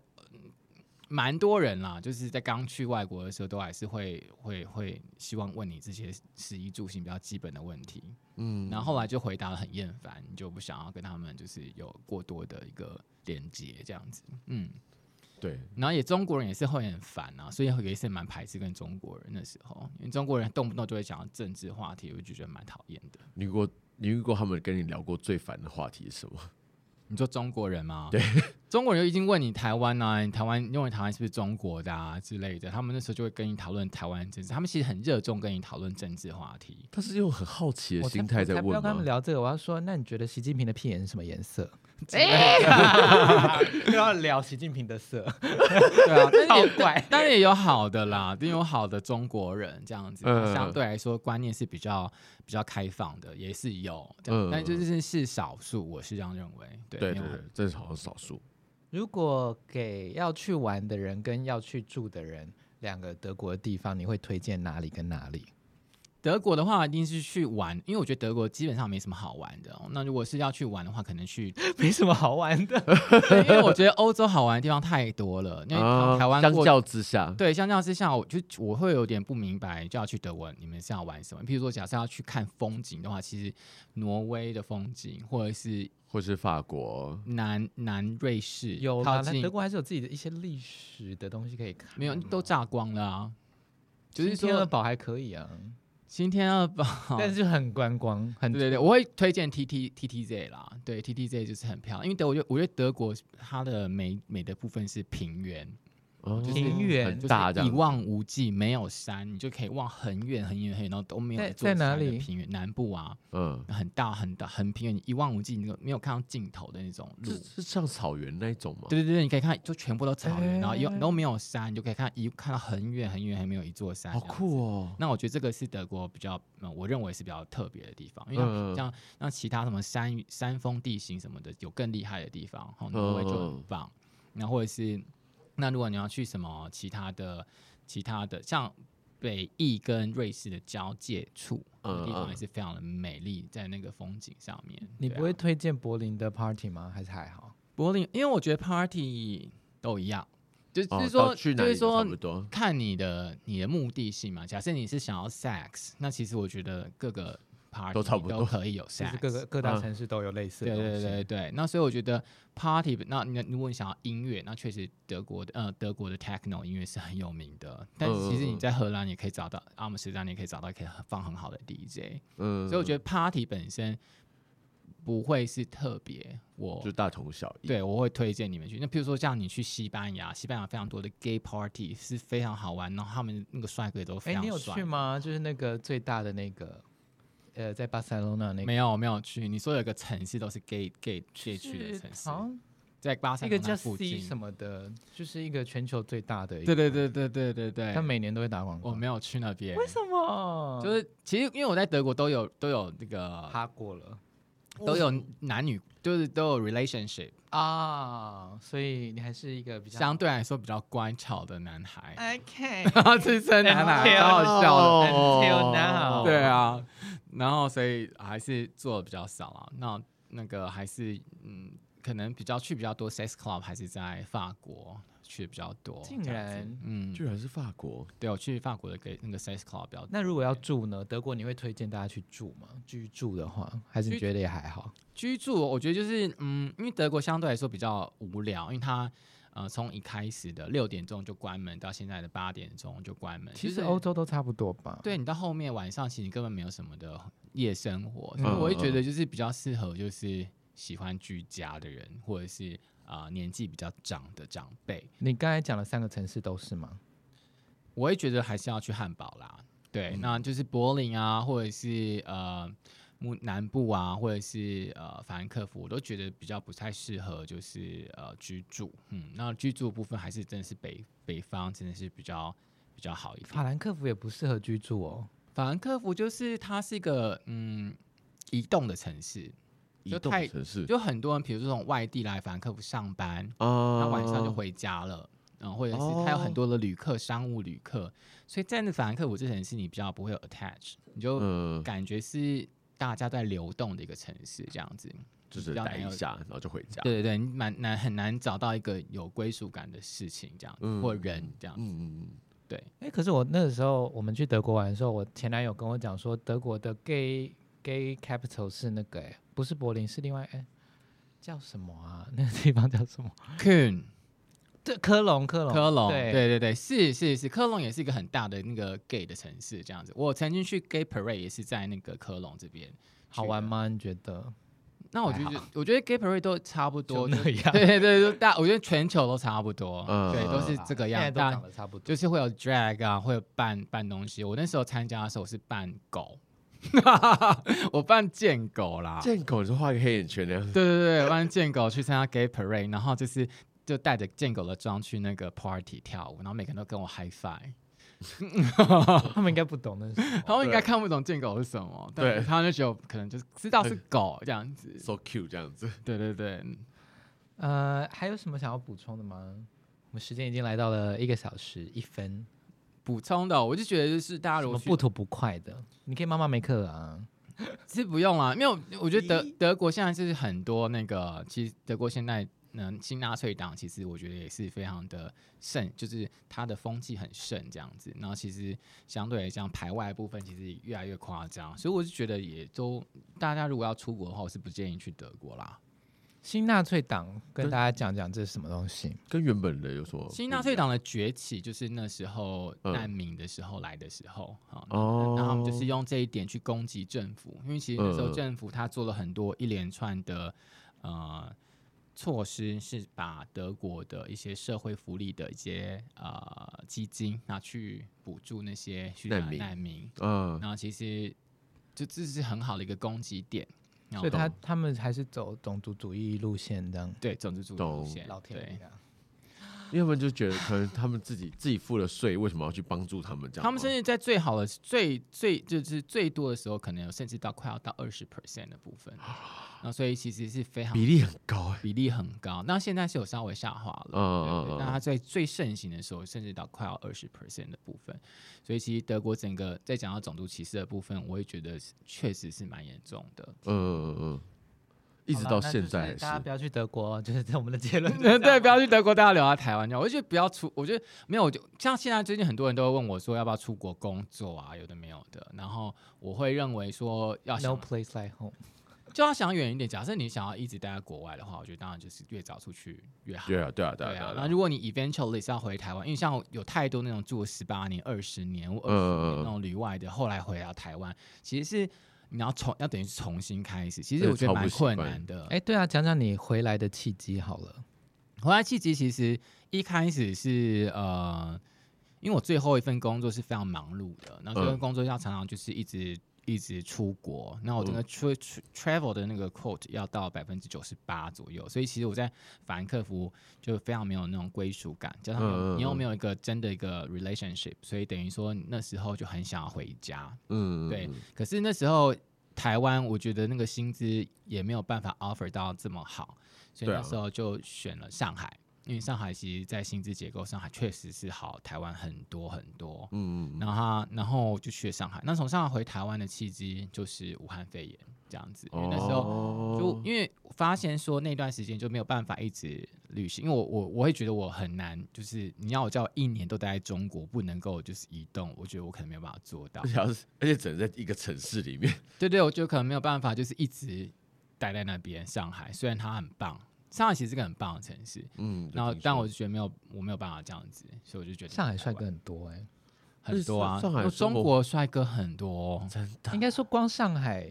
蠻、嗯、多人啦，就是在剛去外國的時候，都還是會會會希望問你這些食衣住行比較基本的問題。嗯，然後後來就回答得很厭煩，就不想要跟他們就是有過多的一個連接這樣子，嗯，對。然後也中國人也是會很煩啊，所以會有一些蠻排斥跟中國人的時候，因為中國人動不動就會講政治話題，我就覺得蠻討厭的。你如果，你如果他們跟你聊過最煩的話題是什麼？你說中國人嘛？對，中國人就已經問你台灣吶、啊，台灣因為台灣是不是中國的啊之類的，他們那時候就會跟你討論台灣政治，他們其實很熱衷跟你討論政治話題，但是又很好奇的心態在問嘛。我不要跟他們聊這個，我要說，那你覺得習近平的屁眼是什麼顏色？哎，欸啊、 又要聊習近平的色， 對啊，好怪。當然也有好的啦，也有好的中國人，這樣子，相、呃、對來說觀念是比較比較開放的，也是有這、呃，但就是是少數，我是這樣認為，對對，對對，這是好少數。如果給要去玩的人跟要去住的人兩個德國的地方，你會推薦哪裡跟哪裡？德國的話，一定是去玩，因為我覺得德國基本上沒什麼好玩的，哦。那如果是要去玩的話，可能去沒什麼好玩的，因為，因為我覺得歐洲好玩的地方太多了。那台灣相較之下，對，相較之下，我就我會有點不明白，就要去德國，你們是要玩什麼？比如說，假設要去看風景的話，其實挪威的風景，或者是或是法國、南南瑞士有，好，德國還是有自己的一些歷史的東西可以看，沒有都炸光了，啊，就是說天鵝堡還可以啊。新天鵝堡，但是很觀光，很對，對對，我會推薦 T TT, T T T Z 啦，對 T T Z 就是很漂亮，因為德，我覺得我覺得德國它的美美的部分是平原。哦就是、平原很大，的、就是、一望無際，沒有山，你就可以望很遠很遠很遠，然後都沒有很在座哪裡平原南部啊，嗯，很大很大很平原，你一望無際，你沒有看到盡頭的那種路，是是像草原那種嗎？對對對，你可以看，就全部都草原，欸、然後又然沒有山，你就可以看一看到很遠很遠還沒有一座山，好酷哦！那我覺得這個是德國比較，嗯、我認為是比較特別的地方，因為像、嗯、像其他什麼山山峰地形什麼的，有更厲害的地方，那我會就很棒，那、嗯、或者是。那如果你要去什麼其他的、其他的，像北義跟瑞士的交界處，嗯、地方還是非常的美麗，在那個風景上面，嗯啊、你不會推薦柏林的 party 嗎？還是還好？柏林，因為我覺得 party 都一樣，就是說，哦、就是說，看你的你的目的性嘛。假設你是想要 sex，那其實我覺得各個。Party、都差不多都可以有，其實各個各大城市都有類似的、啊。對對對對，那所以我覺得 party，那那如果你想要音樂，那確實德國的呃德國的 techno 音樂是很有名的，但其實你在荷蘭也可以找到、嗯、阿姆斯特丹，也可以找到可以放很好的 DJ。嗯，所以我覺得 party 本身不會是特別，我就大同小異。對，我會推薦你們去。那譬如說像你去西班牙，西班牙非常多的 gay party 是非常好玩，然後他們那個帥哥也都非常帥。欸、你有去嗎？就是那個最大的那個。呃，在巴塞羅那那個、沒有我沒有去，你說有個城市都是 gay gay 街區的城市，在巴塞附近一個叫 C 什麼的，就是一個全球最大的一個，對,對對對對對對對，他每年都會打廣告，我沒有去那邊，為什麼？就是其實因為我在德國都有都有那個他過了，都有男女。對是都有 relationship 啊，oh，所以你還是一個比較相對來說比較乖巧的男孩。OK，資深男孩，很好笑。Until now，對啊，然後所以還是做的比較少啊。那那個還是嗯，可能比較去比較多 sex club，還是在法國。去的比較多，竟然，嗯，居然是法國，對我去法國的個那個 Size Club 比較多。那如果要住呢？德國你會推薦大家去住嗎？居住的話，還是你覺得也還好。居住，我覺得就是，嗯，因為德國相對來說比較無聊，因為它，呃，從一開始的六點鐘就關門，到現在的八點鐘就關門。其實歐洲都差不多吧。對你到後面晚上，其實根本沒有什麼的夜生活。所以我會覺得就是比較適合就是喜歡居家的人，或者是。啊、呃，年紀比較長的長輩，你剛才講的三個城市都是嗎？我也覺得還是要去漢堡啦，對、嗯，那就是柏林啊，或者是呃木南部啊，或者是呃法蘭克福，我都覺得比較不太適合，就是呃居住。嗯，那居住的部分還是真的是北北方真的是比較比較好一點。法蘭克福也不適合居住哦，法蘭克福就是它是一個嗯移動的城市。就太就很多人，比如這種外地來法蘭克福上班，他、uh, 晚上就回家了，然、嗯、後或者是他有很多的旅客、oh. 商務旅客，所以在那法蘭克福之前，是你比較不會有 attach，你就感覺是大家在流動的一個城市，這樣子、嗯。就是待一下，然後就回家。對對對，你蠻難很難找到一個有歸屬感的事情，這樣子、嗯、或人這樣子。嗯嗯嗯。對，哎、欸，可是我那個時候我們去德國玩的時候，我前男友跟我講說，德國的 gay。Gay Capital 是那個、欸、不是柏林，是另外哎、欸，叫什麼啊？那個地方叫什麼？Kun，對，科隆、科隆、科隆，對，對對對，是是是，科隆也是一個很大的那個 Gay 的城市，這樣子。我曾經去 Gay Parade 也是在那個科隆這邊，好玩嗎？你覺得？那我覺得，我覺得 Gay Parade 都差不多一樣。對對對，大，我覺得全球都差不多，呃、對，都是這個樣、子、啊。差不多，就是會有 Drag 啊，會有扮扮東西。我那時候參加的時候我是扮狗。 我扮賤狗啦，賤狗就畫個黑眼圈那樣。對對對，我扮賤狗去參加 gay parade，然後就是就帶着賤狗的妝去那個 party 跳舞，然後每個人都跟我 high five 他。他們應該不懂那，他們應該看不懂賤狗是什麼，對他們就覺得，可能就是知道是狗這樣子。 So cute 這樣子。對對對，呃，還有什麼想要補充的嗎？我們時間已經來到了一個小時一分。補充的，我就覺得就是大家如果不吐不快的，你可以媽媽沒課啊，其 實不用啊，因為我覺得德德國現在就是很多那個，其實德國現在呢新納粹黨，其實我覺得也是非常的盛，就是它的風氣很盛這樣子。然後其實相對來講排外部分其實越來越誇張，所以我就覺得也都大家如果要出國的話，我是不建議去德國啦。新納粹黨跟大家講講這是什麼東西？跟原本的有所，新納粹黨的崛起就是那時候難民的時候、呃、來的時候啊，然後我們就是用這一點去攻擊政府，因為其實那時候政府他做了很多一連串的呃措施，是把德國的一些社會福利的一些呃基金拿去補助那些的難民，難民，嗯，然後其實就這是很好的一個攻擊點。所以他，他他們還是走種族主義路線的，這樣對種族主義路線，老天爺對。要不然就覺得，可能他們自己 自己付了稅，為什麼要去幫助他們這樣、啊？他們甚至在,在最好的最最就是最多的時候，可能有甚至到快要到二十 percent 的部分。 那所以其實是非常比例很高，欸，比例很高。那現在是有稍微下滑了，嗯對對嗯，那它在最，、嗯、最盛行的時候，甚至到快要二十 percent 的部分。所以其實德國整個在講到種族歧視的部分，我也覺得確實是蠻嚴重的。嗯嗯嗯嗯。一直到現在，大家不要去德國，就是在我們的結論。 對，不要去德國，大家留在台灣。我就覺得不要出，我覺得沒有，就像現在最近很多人都會問我說要不要出國工作啊，有的沒有的。然後我會認為說要 No place like home。就要想遠一點。假設你想要一直待在國外的話，我覺得當然就是越早出去越好。對啊，對啊，對啊。那、啊、如果你 eventually 是要回台灣，因為像有太多那種住十八年、二十年、二十年那種旅外的，嗯、後來回到台灣，其實是你要重要等於是重新開始。其實我覺得蠻困難的。哎、欸，對啊，講講你回來的契機好了。回來契機其實一開始是呃，因為我最後一份工作是非常忙碌的，那這份工作要常常就是一直。一直出國，那我真的 trav travel 的那個 quote 要到百分之九十八左右，所以其實我在法蘭克福就非常沒有那種歸屬感，加上你又沒有一個真的一個 relationship，所以等於說那時候就很想要回家。嗯，對。可是那時候台灣，我覺得那個薪資也沒有辦法 offer 到這麼好，所以那時候就選了上海。因為上海其實，在薪資結構上，上海確實是好台灣很多很多，嗯，嗯，嗯、然後他然後就去了上海。那從上海回台灣的契機就是武漢肺炎這樣子，因為那時候就、哦、因為發現說那段時間就沒有辦法一直旅行，因為我我我會覺得我很難，就是你要我叫我一年都待在中國，不能夠就是移動，我覺得我可能沒有辦法做到。而且只能在一個城市裡面，對，對對，我覺得可能沒有辦法，就是一直待在那邊。上海雖然它很棒。上海其實是個很棒的城市，嗯，然後但我就覺得沒有，我沒有辦法這樣子，所以我就覺得乖乖。上海帥哥很多哎、欸，很多啊，上海中國帥哥很多，真的，應該說光上海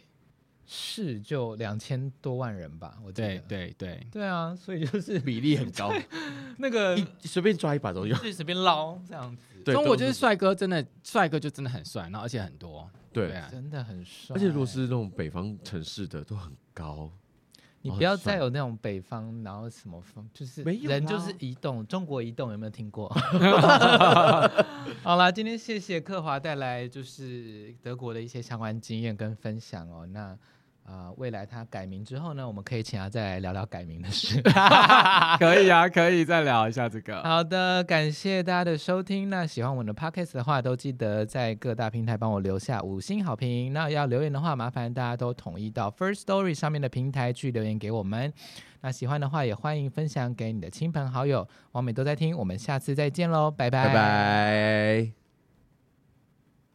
市就兩千多萬人吧，我覺得，對對對，對啊，所以就是比例很高， 那個你隨便抓一把都有，自己隨便撈這樣子對。中國就是帥哥，真的帥哥就真的很帥，然後而且很多，對，對啊、真的很帥、欸，而且如果是那種北方城市的都很高。你不要再有那種北方，哦、然後什麼風，風就是人就是移動，啊、中國移動有沒有聽過？ 好了，今天謝謝克華帶來就是德國的一些相關經驗跟分享哦，那。啊，未來他改名之後呢，我們可以請他再來聊聊改名的事。 可以啊，可以再聊一下這個。好的，感謝大家的收聽。那喜歡我的 podcast 的話，都記得在各大平台幫我留下五星好評。那要留言的話，麻煩大家都統一到 First Story 上面的平台去留言給我們。那喜歡的話，也歡迎分享給你的親朋好友。王美都在聽，我們下次再見嘍，拜拜。拜拜